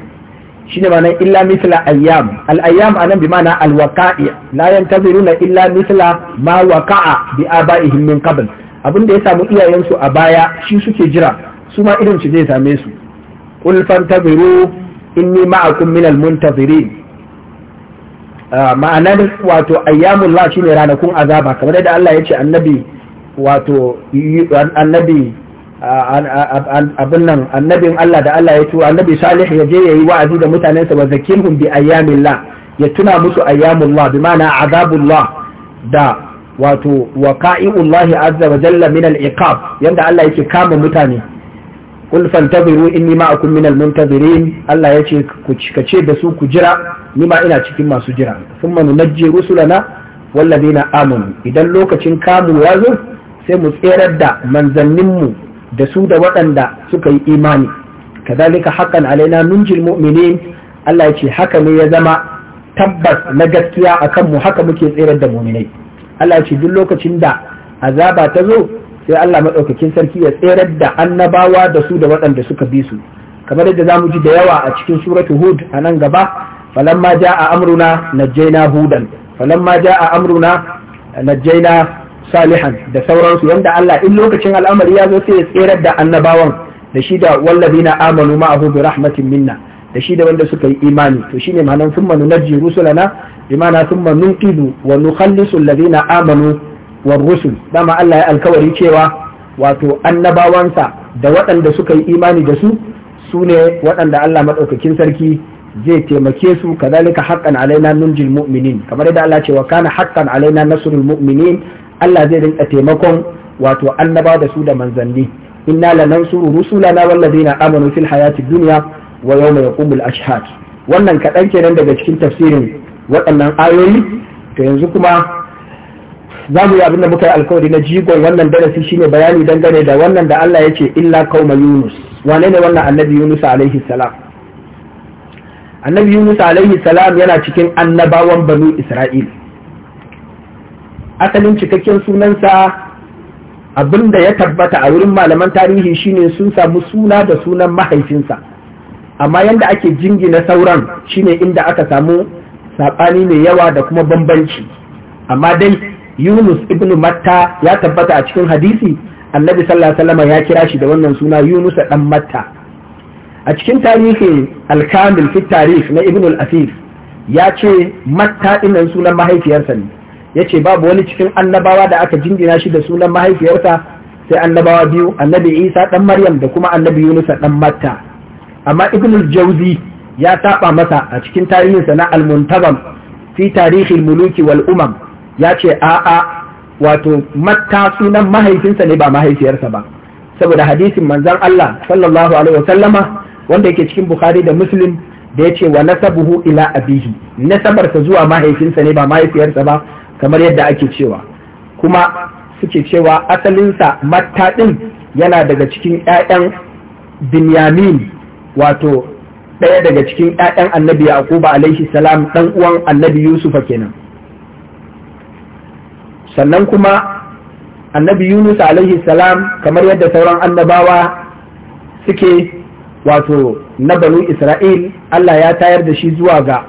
Shi ne ma'anar illa misla ayyam al ayyam anan bi ma'ana al waqa'i la yantaziruna illa misla ma waqa'a bi aba'ihim min qabl abin da ya samu iyayensu a baya shi suke jira su ma irin shi zai same su qul fantaziru inni ma'akum minal muntazirin ah, ma'anar wato ayyamul la shine ranakun azaba kamar yadda Allah ya ce annabi wato annabi abin nan annabin Allah da Allah ya tura annabi Salih ya je yayi wa'azi da mutanensa wa zakirhum bi la, ya tuna musu ayyamullah bi ma'ana azabullah da wato waqa'i'ullahi azza wa jalla min al-iqab yanda Allah yake kama mutane qul fantaziru inni ma'akum minal muntazirin Allah ya ce ku ce da su ku jira ni ma ina cikin masu jira thumma nunajji rusulana na amanu idan lokacin kamu ya zo sai mu tserar da manzanninmu da su da waɗanda suka yi imani kazalika hakan alaina nunjil mu'minin Allah ya ce haka ne ya zama tabbas na gaskiya akan mu haka muke tserar da mu'minai Allah ya ce duk lokacin da azaba ta zo sai Allah maɗaukakin sarki ya tserar da annabawa da su da waɗanda suka bi su kamar yadda zamu ji da yawa a cikin suratu hud a nan gaba falamma jaa amruna najjayna hudan falamma jaa amruna najjayna salihan da sauransu wanda Allah in lokacin al'amari ya zo sai ya tserar da annabawan da shi da wallazina amanu ma'ahu bi rahmatin minna da shi da wanda suka yi imani to shine ma'anan summa nunajji rusulana bima'ana summa nunqidu wa nukhallisu allazina amanu war rusul dama Allah ya alkawari cewa wato annabawansa da waɗanda suka yi imani da su su waɗanda Allah maɗaukakin sarki zai taimake su kazalika haqqan alaina nunjil mu'minin kamar yadda Allah cewa kana haqqan alaina nasrul mu'minin Allah zai rinka taimakon wato annaba da su da manzanni inna lanansuru rusulana wallazina amanu fil hayati dunya wa yawma yaqumul ashhad wannan kaɗan kenan daga cikin tafsirin waɗannan ayoyi ta yanzu kuma za mu yi abin da muka yi alkawari na jigon wannan darasi shine bayani dangane da wannan da Allah ya ce illa kauma yunus wane ne wannan annabi yunus alaihi salam annabi yunus alaihi salam yana cikin annabawan banu isra'il asalin cikakken sunansa abin da ya tabbata a wurin malaman tarihi shine sun samu suna da sunan mahaifinsa amma yanda ake jingina sauran shine inda aka samu saɓani mai yawa da kuma bambanci amma dai Yunus ibn Matta ya tabbata a cikin hadisi annabi sallallahu alaihi wasallam ya kira shi da wannan suna Yunus dan Matta a cikin tarihi al-Kamil fi na Ibn al-Asir ya ce Matta dinnan sunan mahaifiyarsa ne yace babu wani cikin annabawa da aka jingina shi da sunan mahaifiyarsa sai annabawa biyu annabi Isa dan Maryam da kuma annabi Yunus dan Matta amma Ibn al-Jawzi ya saba masa a cikin tarihinsa na al-Muntazam fi tarihi al-muluki wal umam ya ce a'a wato matta sunan mahaifinsa ne ba mahaifiyarsa ba saboda hadisin manzan Allah sallallahu alaihi wasallama wanda yake cikin Bukhari da Muslim da ya ce wa nasabuhu ila abihi nasabarsa zuwa mahaifinsa ne ba mahaifiyarsa ba kamar yadda ake cewa kuma suke cewa asalinsa matta din yana daga cikin ƴaƴan binyamin wato ɗaya daga cikin 'ya'yan annabi yaquba alaihi salam ɗan uwan annabi yusufa kenan sannan kuma annabi yunus alaihi salam kamar yadda sauran annabawa suke wato na banu isra'il allah ya tayar da shi zuwa ga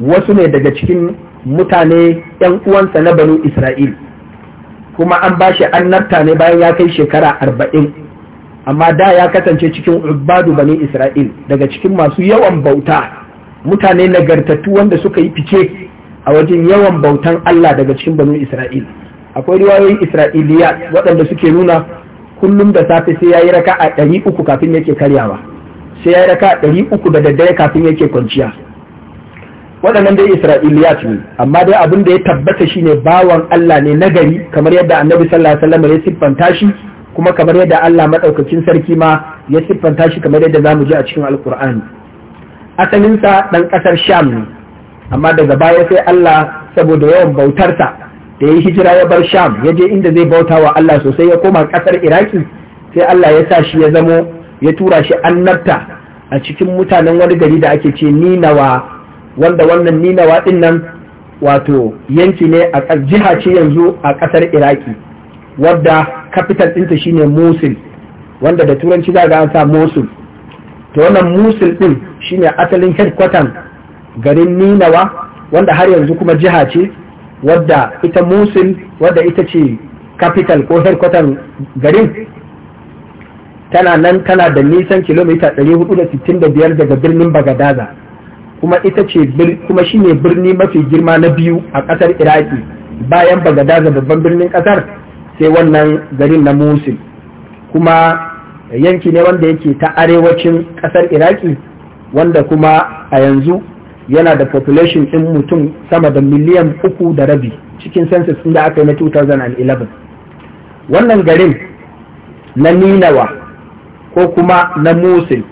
wasu ne daga cikin mutane 'yan uwansa na banu isra'il kuma an ba shi annabta ne bayan ya kai shekara arba'in amma da ya kasance cikin ubadu bani isra'il daga cikin masu yawan bauta mutane nagartattu wanda suka yi fice a wajen yawan bautan allah daga cikin banu isra'il akwai riwayoyin isra'iliya waɗanda suke nuna kullum da safe sai ya yi raka a ɗari uku kafin yake karyawa sai ya yi raka a ɗari uku da daddare kafin yake kwanciya waɗannan dai isra'iliya ne amma dai abin da ya tabbata shine bawan Allah ne nagari kamar yadda annabi sallallahu alaihi wasallam ya siffanta shi kuma kamar yadda Allah madaukakin sarki ma ya siffanta shi kamar yadda za mu ji a cikin Alƙur'ani. Asalinsa ɗan ƙasar sham ne amma daga baya sai Allah saboda yawan bautarsa da ya hijira ya bar sham ya je inda zai bauta wa Allah sosai ya koma kasar iraki sai Allah ya sa shi ya zamo ya tura shi annabta a cikin mutanen wani gari da ake ce ninawa wanda wannan ninawa din nan wato yanki ne a jiha ce yanzu a kasar iraki wadda capital ɗinta shine musul wanda da turanci za ga an sa musul to wannan musul din shine asalin headquarter garin ninawa wanda har yanzu kuma jiha ce wadda ita musul wadda ita ce capital ko headquarter garin tana nan tana da nisan kilomita 465 daga birnin bagadaza kuma ita ce kuma shine birni mafi girma na biyu a kasar iraki bayan bagadaza babban birnin kasar sai wannan garin na musul kuma yanki ne wanda yake ta arewacin kasar iraki wanda kuma a yanzu yana da population ɗin mutum sama da miliyan uku da rabi cikin census ɗin da aka yi na 2011 wannan garin na ninawa ko kuma na musul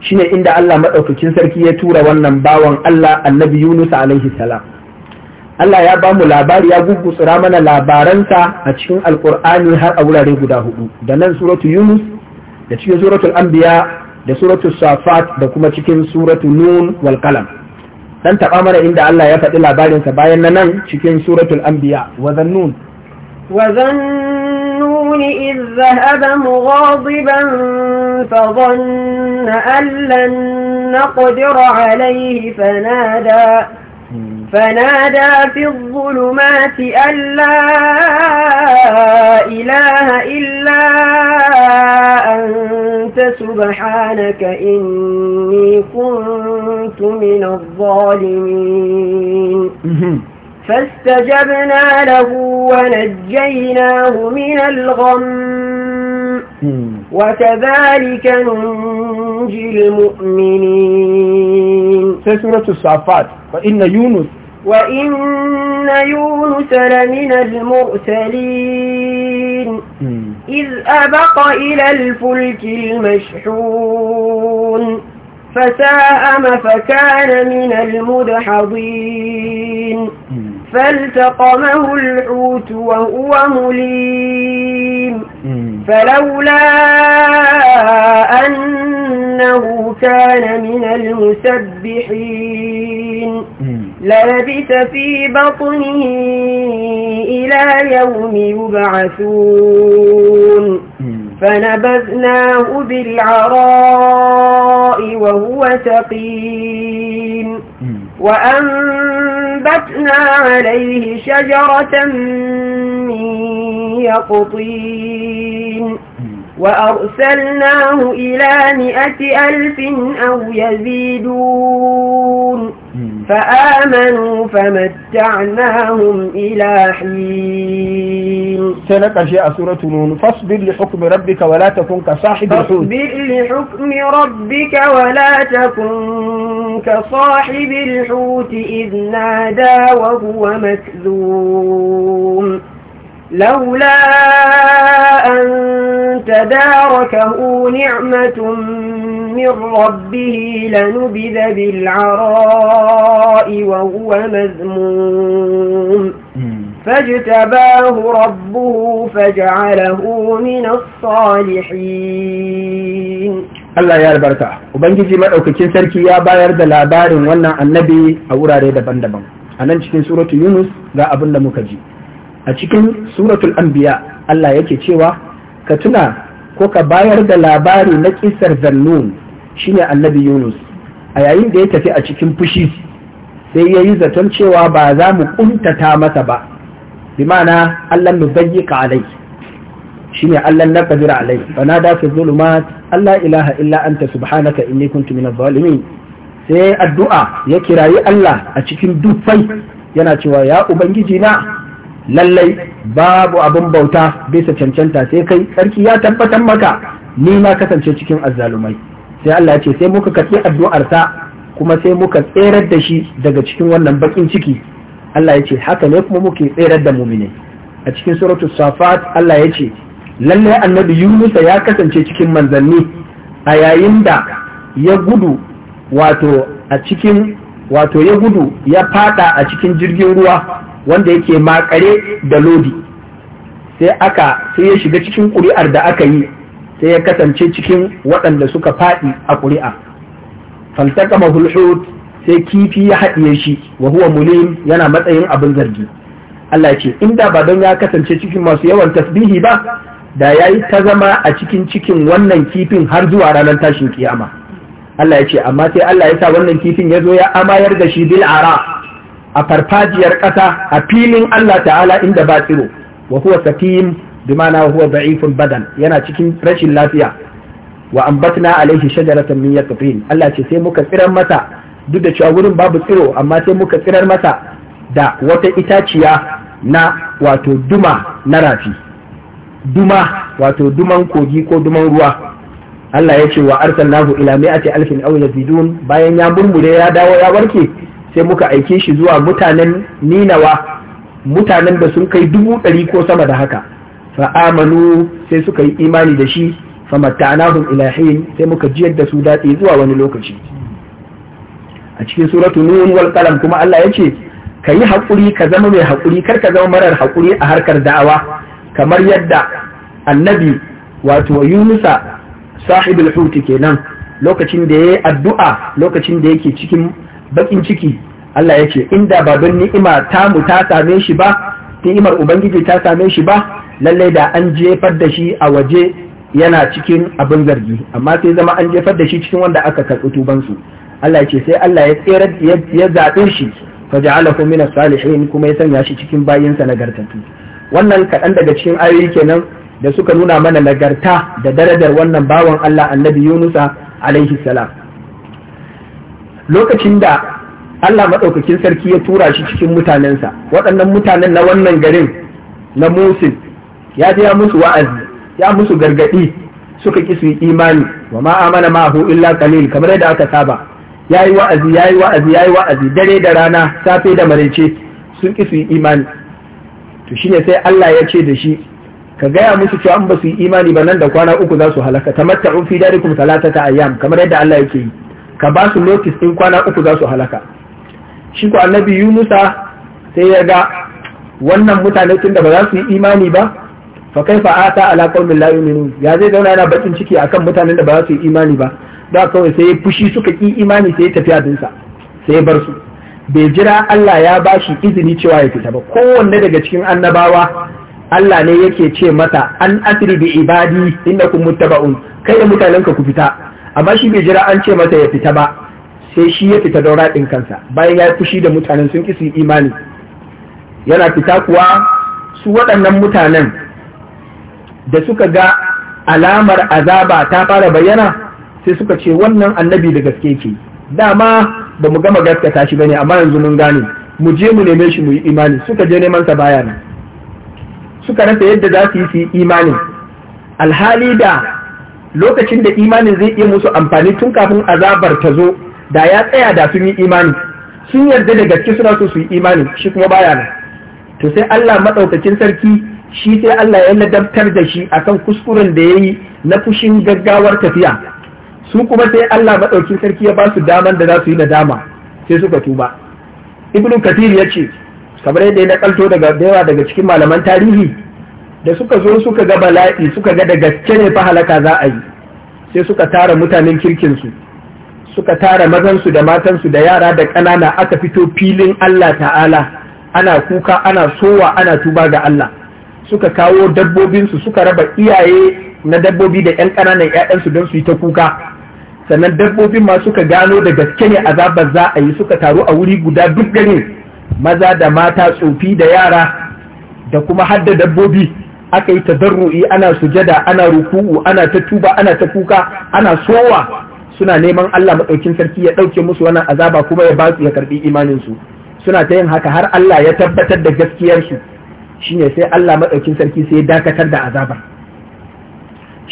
shine inda Allah maɗaukakin sarki ya tura wannan bawan Allah annabi Yunus alaihi salam Allah ya ba mu labari ya gugutsura mana labaransa a cikin alkur'ani har a wurare guda hudu da nan suratu Yunus da cikin suratul anbiya da suratul safat da kuma cikin suratu nun wal dan taba mana inda Allah ya faɗi sa bayan na nan cikin suratul anbiya wa zannun wa zannun iz zahaba mughadiban fa dhanna an lan naqdir alayhi fanada فنادى في الظلمات أن لا إله إلا أنت سبحانك إني كنت من الظالمين فاستجبنا له ونجيناه من الغم وكذلك ننجي المؤمنين في سورة الصافات فإن يونس وإن يونس لمن المرسلين hmm. إذ أبق إلى الفلك المشحون فساءم فكان من المدحضين hmm. فالتقمه الحوت وهو مليم فلولا أنه كان من المسبحين لبث في بطنه إلى يوم يبعثون فنبذناه بالعراء وهو سقيم وأنبتنا عليه شجرة من يقطين وأرسلناه إلى مئة ألف أو يزيدون فآمنوا فمتعناهم إلى حين سنك جاء سورة نون فاصبر لحكم ربك ولا تكن كصاحب الحوت فاصبر لحكم ربك ولا تكن كصاحب الحوت إذ نادى وهو مكذوم لولا أن تداركه نعمة من ربه لنبذ بالعراء وهو مذموم فاجتباه ربه فجعله من الصالحين Allah ya albarka Ubangiji maɗaukakin sarki ya bayar da labarin wannan annabi a wurare daban-daban a nan cikin suratu Yunus ga abin da muka ji a cikin suratul anbiya Allah yake cewa ka tuna ko ka bayar da labari na kisar zannun shine annabi Yunus a yayin da ya tafi a cikin fushi sai ya yi zaton cewa ba za mu kuntata masa ba bi ma'ana Allah mu bayyika alai shine Allah na kadira alai bana da fi zulumat Allah ilaha illa anta subhanaka inni kuntu zalimin sai addu'a ya kirayi Allah a cikin dufai yana cewa ya ubangiji na lallai babu abin bauta bisa cancanta sai kai sarki ya tabbatar maka ni ma kasance cikin azzalumai sai Allah ya ce sai muka karɓi addu'arsa kuma sai muka tserar da shi daga cikin wannan bakin ciki Allah ya ce haka ne kuma muke tserar da mumine a cikin suratul safat Allah ya ce lallai annabi Yunus ya kasance cikin manzanni a yayin da ya gudu wato a cikin wato ya gudu ya fada a cikin jirgin ruwa wanda yake makare da lodi sai aka sai ya shiga cikin kuri'ar da aka yi sai ya kasance cikin waɗanda suka faɗi a ƙuri'a faltakama mahulhut sai kifi ya haɗiye shi wa huwa mulim yana matsayin abin zargi Allah ya ce inda ba don ya kasance cikin masu yawan tasbihi ba da ya yi ta zama a cikin cikin wannan kifin har zuwa ranar tashin kiyama Allah ya ce amma sai Allah ya sa wannan kifin ya zo ya amayar da shi bil'ara. a farfajiyar ƙasa a filin Allah ta'ala inda ba tsiro wa huwa sakim bi ma'ana huwa da'ifun badan yana cikin rashin lafiya wa ambatna alaihi shajaratan min yaqtin Allah ce sai muka tsirar masa duk da cewa wurin babu tsiro amma sai muka tsirar masa da wata itaciya na wato duma na rafi duma wato duman kogi ko duman ruwa Allah ya ce wa arsalnahu ila mi'ati alfin aw yazidun bayan ya murmure ya dawo ya warke sai muka aike shi zuwa mutanen ninawa mutanen da sun kai dubu ɗari ko sama da haka Amanu sai suka yi imani da shi fa ila hin sai muka jiyar da su daɗi zuwa wani lokaci a cikin suratu nun wal qalam kuma Allah ya ce ka yi haƙuri ka zama mai haƙuri kar ka zama marar haƙuri a harkar da'awa kamar yadda annabi wato yunusa sahibul huti kenan lokacin da ya yi addu'a lokacin da yake cikin bakin ciki Allah ya ce inda ba ni'ima ta mu ta same shi ba ni'imar ubangiji ta same shi ba lallai da an jefar da shi a waje yana cikin abin zargi amma sai zama an jefar da shi cikin wanda aka karɓi tubansu Allah ya ce sai Allah ya tsere ya zaɓe shi fa ja'alahu min as-salihin kuma ya sanya shi cikin bayinsa nagartattu wannan kaɗan daga cikin ayoyi kenan da suka nuna mana nagarta da darajar wannan bawan Allah annabi Yunusa alaihi salam lokacin da Allah maɗaukakin sarki ya tura shi cikin mutanensa waɗannan mutanen na wannan garin na Musul ya ya musu wa'azi ya musu gargaɗi suka ƙi su yi imani wa ma amana ma'ahu illa qalil kamar yadda aka saba yayi wa'azi yayi wa'azi yayi wa'azi dare da rana safe da marece sun ƙi su yi imani to shine sai Allah ya ce da shi ka gaya musu cewa in ba su yi imani ba nan da kwana uku za su halaka tamatta'u fi darikum salatata ayyam kamar yadda Allah yake yi ka ba su notice in kwana uku za su halaka shi ku annabi yunusa sai ya ga wannan mutane tun da ba za su yi imani ba fa kai fa ata ala qaumin la yu'minun ya zai zauna yana bakin ciki akan mutanen da ba za su yi imani ba a kawai sai ya fushi suka ki imani sai ya tafi abinsa sai ya bar su bai jira Allah ya bashi izini cewa ya fita ba kowanne daga cikin annabawa Allah ne yake ce mata an asiri bi ibadi innakum muttaba'un kai da mutanenka ku fita amma shi bai jira an ce masa ya fita ba sai shi ya fita don raɗin kansa bayan ya fushi da mutanen sun kisi imani yana fita kuwa su waɗannan mutanen da suka ga alamar azaba ta fara bayyana sai suka ce wannan annabi da gaske ke dama ba mu gama gaskata shi bane amma yanzu mun gane mu je mu neme shi mu yi imani suka je neman sa baya nan suka rasa yadda za su yi su yi imani alhali da lokacin da imanin zai iya musu amfani tun kafin azabar ta zo da ya tsaya da sun yi imani sun yarda da gaske suna so su yi imani shi kuma baya nan to sai Allah madaukakin sarki shi sai Allah ya ladabtar da shi akan kuskuren da yayi na fushin gaggawar tafiya su kuma sai Allah madaukakin sarki ya ba su daman da za su yi nadama sai suka tuba ibnu kathir ya ce kamar yadda ya nakalto daga daga cikin malaman tarihi da suka zo suka ga bala'i suka ga da gaske ne fa halaka za a yi sai suka tara mutanen kirkinsu suka tara mazansu da matansu da yara da ƙanana aka fito filin Allah ta'ala ana kuka ana sowa ana tuba ga Allah suka kawo dabbobinsu suka raba iyaye na dabbobi da 'yan ƙananan 'ya'yansu don su yi ta kuka sannan dabbobin ma suka gano da gaske ne azabar za a yi suka taru a wuri guda duk garin maza da mata tsofi da yara da kuma hadda dabbobi aka yi tadarru'i ana sujada ana ruku'u ana ta tuba ana ta kuka ana sowa suna neman Allah madaukin sarki ya dauke musu wannan azaba kuma ya ba su ya karbi imanin su suna ta yin haka har Allah ya tabbatar da gaskiyar su shine sai Allah madaukin sarki sai ya dakatar da azaba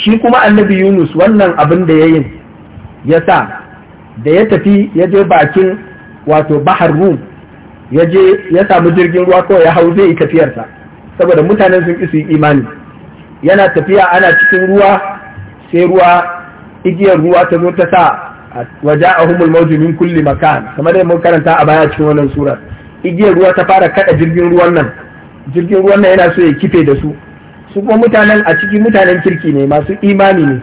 shi kuma annabi Yunus wannan abin da yi ya sa da ya tafi ya je bakin wato bahar Rum ya je ya samu jirgin ruwa kawai ya hau zai yi tafiyarsa saboda mutanen sun ƙi su yi imani yana tafiya ana cikin ruwa sai ruwa igiyar ruwa ta zo ta sa waje a humul mawju min kulli makan kamar yadda mun karanta a baya cikin wannan surar igiyar ruwa ta fara kada jirgin ruwan nan jirgin ruwan nan yana so ya kife da su su kuma mutanen a cikin mutanen kirki ne masu imani ne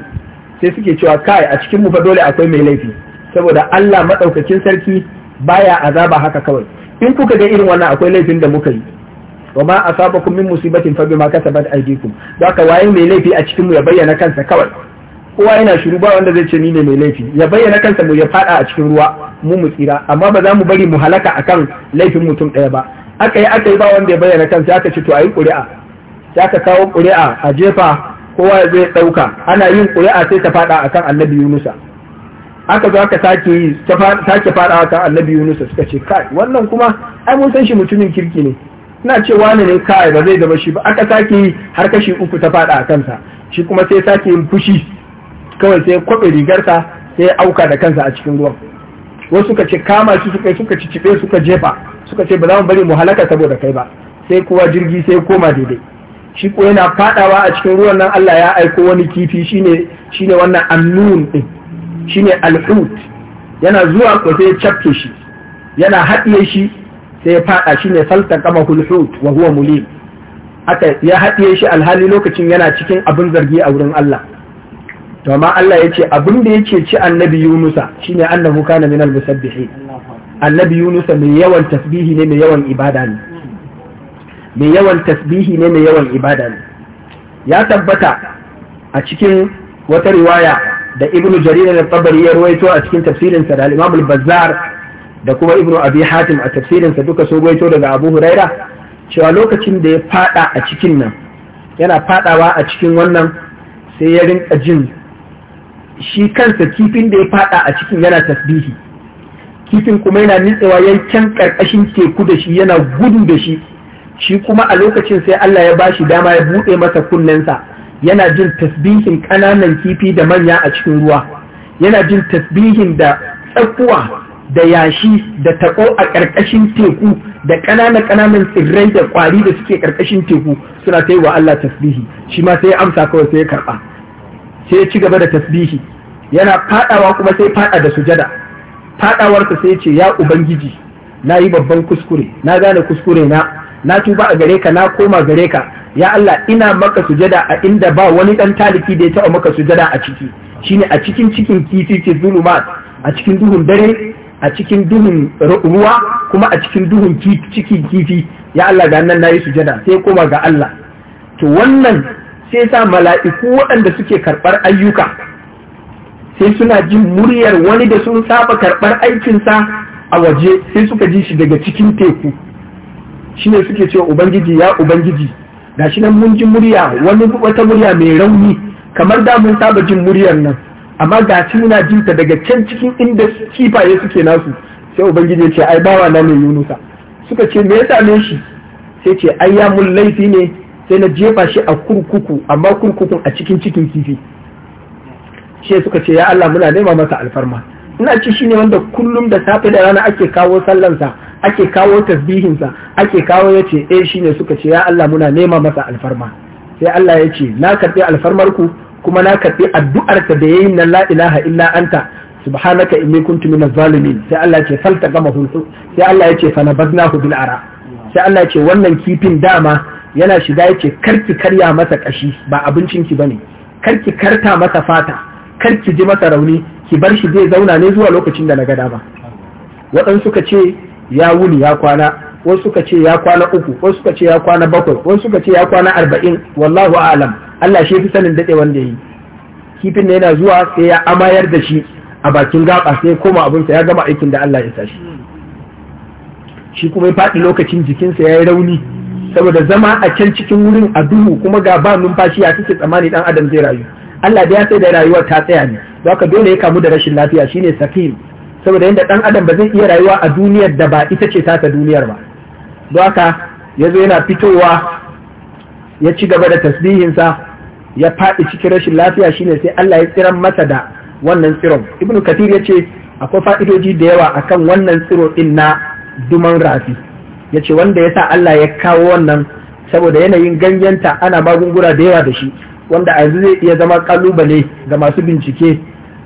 sai suke cewa kai a cikin mu fa dole akwai mai laifi saboda Allah madaukakin sarki baya azaba haka kawai in kuka ga irin wannan akwai laifin da muka yi wa ma asabakum min musibatin fa bima kasabat aydikum haka waye mai laifi a cikin mu ya bayyana kansa kawai kowa yana shiru ba wanda zai ce ni ne mai laifi ya bayyana kansa mu ya fada a cikin ruwa mu mu tsira amma ba za mu bari mu halaka akan laifin mutum ɗaya ba aka yi aka yi ba wanda ya bayyana kansa aka ce to ayi ƙuri'a sai aka kawo ƙuri'a a jefa kowa zai ɗauka ana yin ƙuri'a sai ta fada akan annabi yunusa aka zo aka sake yi sake fada akan annabi yunusa suka ce kai wannan kuma ai mun san shi mutumin kirki ne ina ce wani ne kai ba zai zama shi ba aka sake yi har kashi uku ta fada a kansa shi kuma sai sake yin fushi kawai sai kwabe rigarsa sai auka da kansa a cikin ruwan wasu suka ce kama shi suka suka cicibe suka jefa suka ce ba za mu bari mu halaka saboda kai ba sai kuwa jirgi sai koma daidai shi ko yana fadawa a cikin ruwan nan Allah ya aiko wani kifi shine shine wannan annun din shine alhut yana zuwa ko sai ya cafke shi yana haɗiye shi sai ya fada shine faltaqama hulhut wa huwa muli aka ya haɗiye shi alhali lokacin yana cikin abin zargi a wurin Allah to amma Allah ya ce abin da yake ci annabi Yunusa shine annahu kana min al annabi Yunusa mai yawan tasbihi ne mai yawan ibada ne mai yawan tasbihi ne mai yawan ibada ne ya tabbata a cikin wata riwaya da Ibnu Jarir al-Tabari ya ruwaito a cikin tafsirinsa da al-Imam al-Bazzar da kuma ibnu abi hatim a tafsirinsa duka sun daga abu huraira cewa lokacin da ya fada a cikin nan yana fadawa a cikin wannan sai ya rinka jin shi kansa kifin da ya fada a cikin yana tasbihi kifin kuma yana nitsewa yankin karkashin teku da shi yana gudu da shi shi kuma a lokacin sai Allah ya bashi dama ya buɗe masa kunnensa yana jin tasbihin ƙananan kifi da manya a cikin ruwa yana jin tasbihin da tsakuwa da yashi da taɓo a ƙarƙashin teku da ƙananan ƙananan tsirrai da ƙwari da suke ƙarƙashin teku suna ta yi wa Allah tasbihi shi ma sai ya amsa kawai sai ya karɓa sai ya ci gaba da tasbihi yana faɗawa kuma sai faɗa da sujada faɗawarsa sai ya ce ya ubangiji na yi babban kuskure na gane kuskure na na tuba a gare ka na koma gare ka ya Allah ina maka sujada a inda ba wani ɗan taliki da ya taɓa maka sujada a ciki shine a cikin cikin kiti ke zulumat a cikin duhun dare a cikin duhun ruwa kuma a cikin duhun ciki kifi ya Allah ga nan nayi sujada sai kuma ga Allah to wannan sai sa mala'iku waɗanda suke karɓar ayyuka sai suna jin muryar wani da sun saba karɓar aikinsa a waje sai suka ji shi daga cikin teku shine suke cewa ubangiji ya ubangiji gashi nan mun ji murya wani wata murya mai rauni kamar da mun saba jin muryar nan amma ga shi muna jin daga can cikin inda kifaye suke nasu sai ubangiji ya ce ai bawa na ne yunusa suka ce me ya same shi sai ce ai ya mun laifi ne sai na jefa shi a kurkuku amma kurkukun a cikin cikin kifi shi suka ce ya Allah muna nema masa alfarma ina ci shine wanda kullum da safe da rana ake kawo sallansa ake kawo tasbihinsa ake kawo yace eh shine suka ce ya Allah muna nema masa alfarma sai Allah ya ce na karbi alfarmarku kuma na karɓi addu'arta da ya yayin nan la ilaha illa anta subhanaka inni kuntu min zalimin sai Allah ce falta gama hulsu sai Allah ya ce fanabaznahu bil ara sai Allah ce wannan kifin dama yana shiga yace karki karya masa kashi ba abincin ki bane karki karta masa fata karki ji masa rauni ki bar shi zai zauna ne zuwa lokacin da na ga dama waɗansu suka ce ya wuni ya kwana wasu suka ce ya kwana uku wasu suka ce ya kwana bakwai wasu suka ce ya kwana arba'in wallahu a'lam Allah shi fi sanin dade wanda yi. kifin ne yana zuwa sai ya amayar da shi a bakin gaba sai koma abin sa ya gama aikin da Allah ya tashi shi kuma ya faɗi lokacin jikinsa ya yi rauni saboda zama a can cikin wurin a duhu kuma ga ba numfashi ya cike tsammani dan adam zai rayu Allah da ya sai da rayuwar ta tsaya ne don haka dole ya kamu da rashin lafiya shine sakin saboda yadda dan adam ba zai iya rayuwa a duniyar da ba ita ce tata duniyar ba don haka ya zo yana fitowa ya ci gaba da tasbihinsa ya faɗi cikin rashin lafiya shine sai Allah ya tsiran masa da wannan tsiron ibn kathir ce, akwai fa'idoji da yawa a kan wannan tsiro din na duman rafi yace wanda ya sa Allah ya kawo wannan saboda yanayin ganyenta ana magunguna da yawa da shi wanda a yanzu zai iya zama kalubale ga masu bincike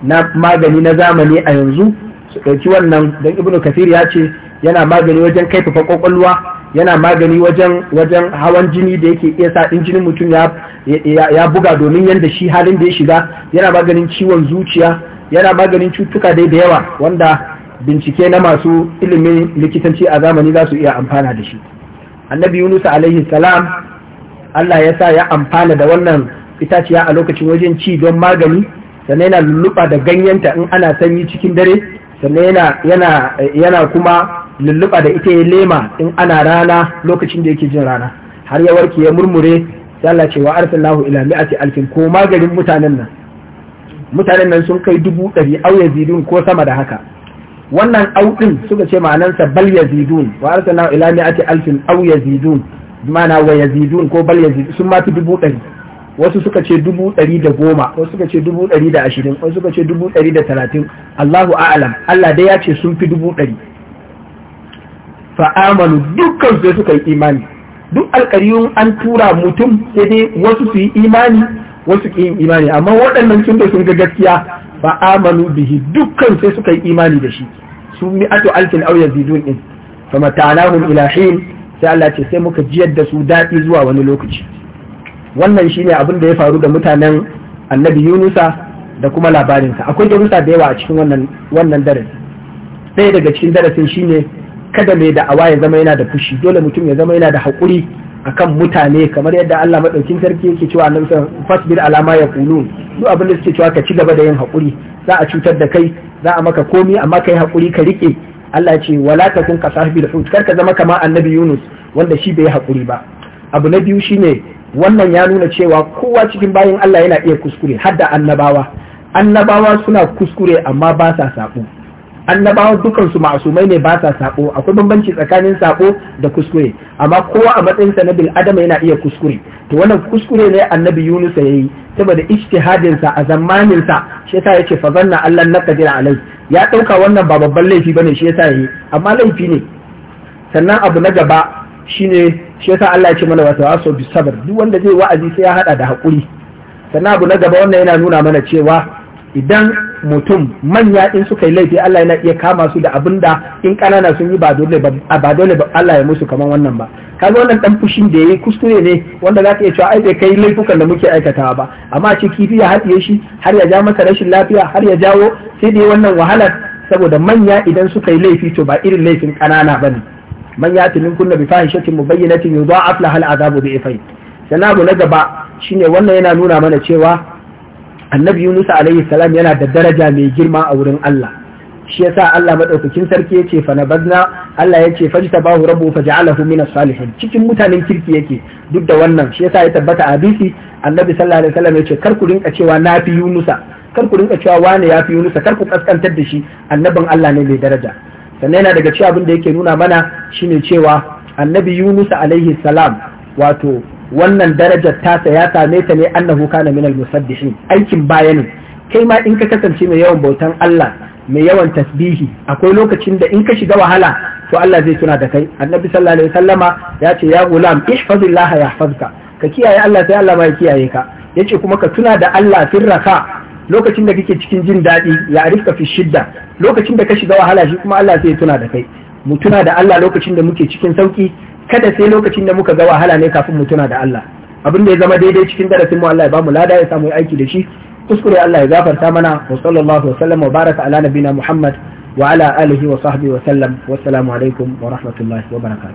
na magani na zamani a yanzu su ɗauki wannan don ibnu kasir ya ce yana magani wajen kaifafa kwakwalwa yana magani wajen wajen hawan jini da yake iya sa ɗin jinin mutum ya ya buga domin yadda shi halin da ya shiga yana maganin ciwon zuciya yana maganin cutuka dai da yawa wanda bincike na masu ilimin likitanci a zamani za su iya amfana da shi annabi yunusa alaihi salam allah ya sa ya amfana da wannan itaciya a lokacin wajen ci don magani sannan yana lulluɓa da ganyenta in ana sanyi cikin dare sannan yana kuma lulluɓa da ita ya lema in ana rana lokacin da yake jin rana har ya warke ya murmure sai Allah ce wa arsalahu ila mi'ati alfin ko maganin mutanen nan mutanen nan sun kai dubu ɗari au yazidun ko sama da haka wannan au din suka ce ma'anansa bal yazidun wa arsalahu ila mi'ati alfin au yazidun mana wa yazidun ko bal yazidun sun mafi dubu ɗari wasu suka ce dubu ɗari da goma wasu suka ce dubu ɗari da ashirin wasu suka ce dubu ɗari da talatin Allahu a'alam Allah dai ya ce sun fi dubu ɗari fa'amanu dukkan su suka yi imani duk alƙariyun an tura mutum sai dai wasu su yi imani wasu ki yin imani amma waɗannan sun da sun ga gaskiya ba amanu bihi dukkan sai suka yi imani da shi su ato alfin aw yazidun ɗin. fa mata'alahum ila sai Allah ce sai muka jiyar da su daɗi zuwa wani lokaci wannan shine abin da ya faru da mutanen annabi Yunusa da kuma labarinsa akwai darussa da yawa a cikin wannan wannan darasi ɗaya daga cikin darasin shine kada mai da'awa ya zama yana da fushi dole mutum ya zama yana da haƙuri akan mutane kamar yadda Allah madaukin sarki yake cewa annabi fasbir alama ya Kulu duk abin da suke cewa ka ci gaba da yin haƙuri za a cutar da kai za a maka komi amma kai haƙuri ka rike Allah ce wala takun ka da hut kar ka zama kama annabi Yunus wanda shi bai haƙuri ba abu na biyu shine wannan ya nuna cewa kowa cikin bayin Allah yana iya kuskure hadda annabawa annabawa suna kuskure amma ba sa sabo annabawan dukansu ma'asumai ne ba sa sako akwai bambanci tsakanin sako da kuskure amma kowa a matsayinsa na bil adama yana iya kuskure to wannan kuskure ne annabi yunus ya yi saboda ijtihadin sa a zamanin sa shi yasa yace fa zanna allan naqdir alai ya dauka wannan ba babban laifi bane shi yasa yayi amma laifi ne sannan abu na gaba shine shi yasa Allah ya ce mana wata waso bi sabr duk wanda zai wa'azi sai ya hada da hakuri sannan abu na gaba wannan yana nuna mana cewa idan mutum manya in suka yi laifi Allah yana iya kama su da abin da in ƙanana sun yi ba dole ba Allah ya musu kamar wannan ba kaga wannan dan fushin da yayi kuskure ne wanda za ka iya cewa ai bai kai laifukan da muke aikatawa ba amma a ce kifi ya haɗiye shi har ya ja masa rashin lafiya har ya jawo sai dai wannan wahalar saboda manya idan suka yi laifi to ba irin laifin ƙanana bane man yati kunna bi fahishatin mubayyinatin yudha'af laha al'adabu bi ifai sanabu na gaba shine wannan yana nuna mana cewa annabi Yunus alayhi salam yana da daraja mai girma a wurin Allah shi yasa Allah madaukakin sarki yace fa nabazna Allah yace bahu rabbu faj'alahu min as-salihin cikin mutanen kirki yake duk da wannan shi yasa ya tabbata a bisi annabi sallallahu alaihi wasallam yace kar ku rinka cewa na fi Yunusa kar ku rinka cewa wani ya fi Yunusa kar ku kaskantar da shi annabin Allah ne mai daraja sannan yana daga cewa abin da yake nuna mana shine cewa annabi Yunus alaihi salam wato wannan darajar tasa ya same ta ne annahu kana min al-musabbihin aikin bayanin kai ma in ka kasance mai yawan bautan Allah mai yawan tasbihi akwai lokacin da in ka shiga wahala to Allah zai tuna da kai annabi sallallahu alaihi wasallama ya ce ya gulam ihfazillah yahfazka ka kiyaye Allah sai Allah ma ya kiyaye ka yace kuma ka tuna da Allah firraka lokacin da kake cikin jin daɗi ya arifka fi shidda lokacin da ka shiga wahala shi kuma Allah zai tuna da kai mu tuna da Allah lokacin da muke cikin sauki kada sai lokacin da muka ga wahala ne kafin mu tuna da Allah abin da ya zama daidai cikin darasin mu Allah ya bamu lada ya samu aiki da shi kuskure Allah ya gafarta mana wa sallallahu wa sallam wa baraka ala nabina Muhammad wa ala alihi wa sahbihi wa sallam wa assalamu alaikum wa rahmatullahi wa barakatuh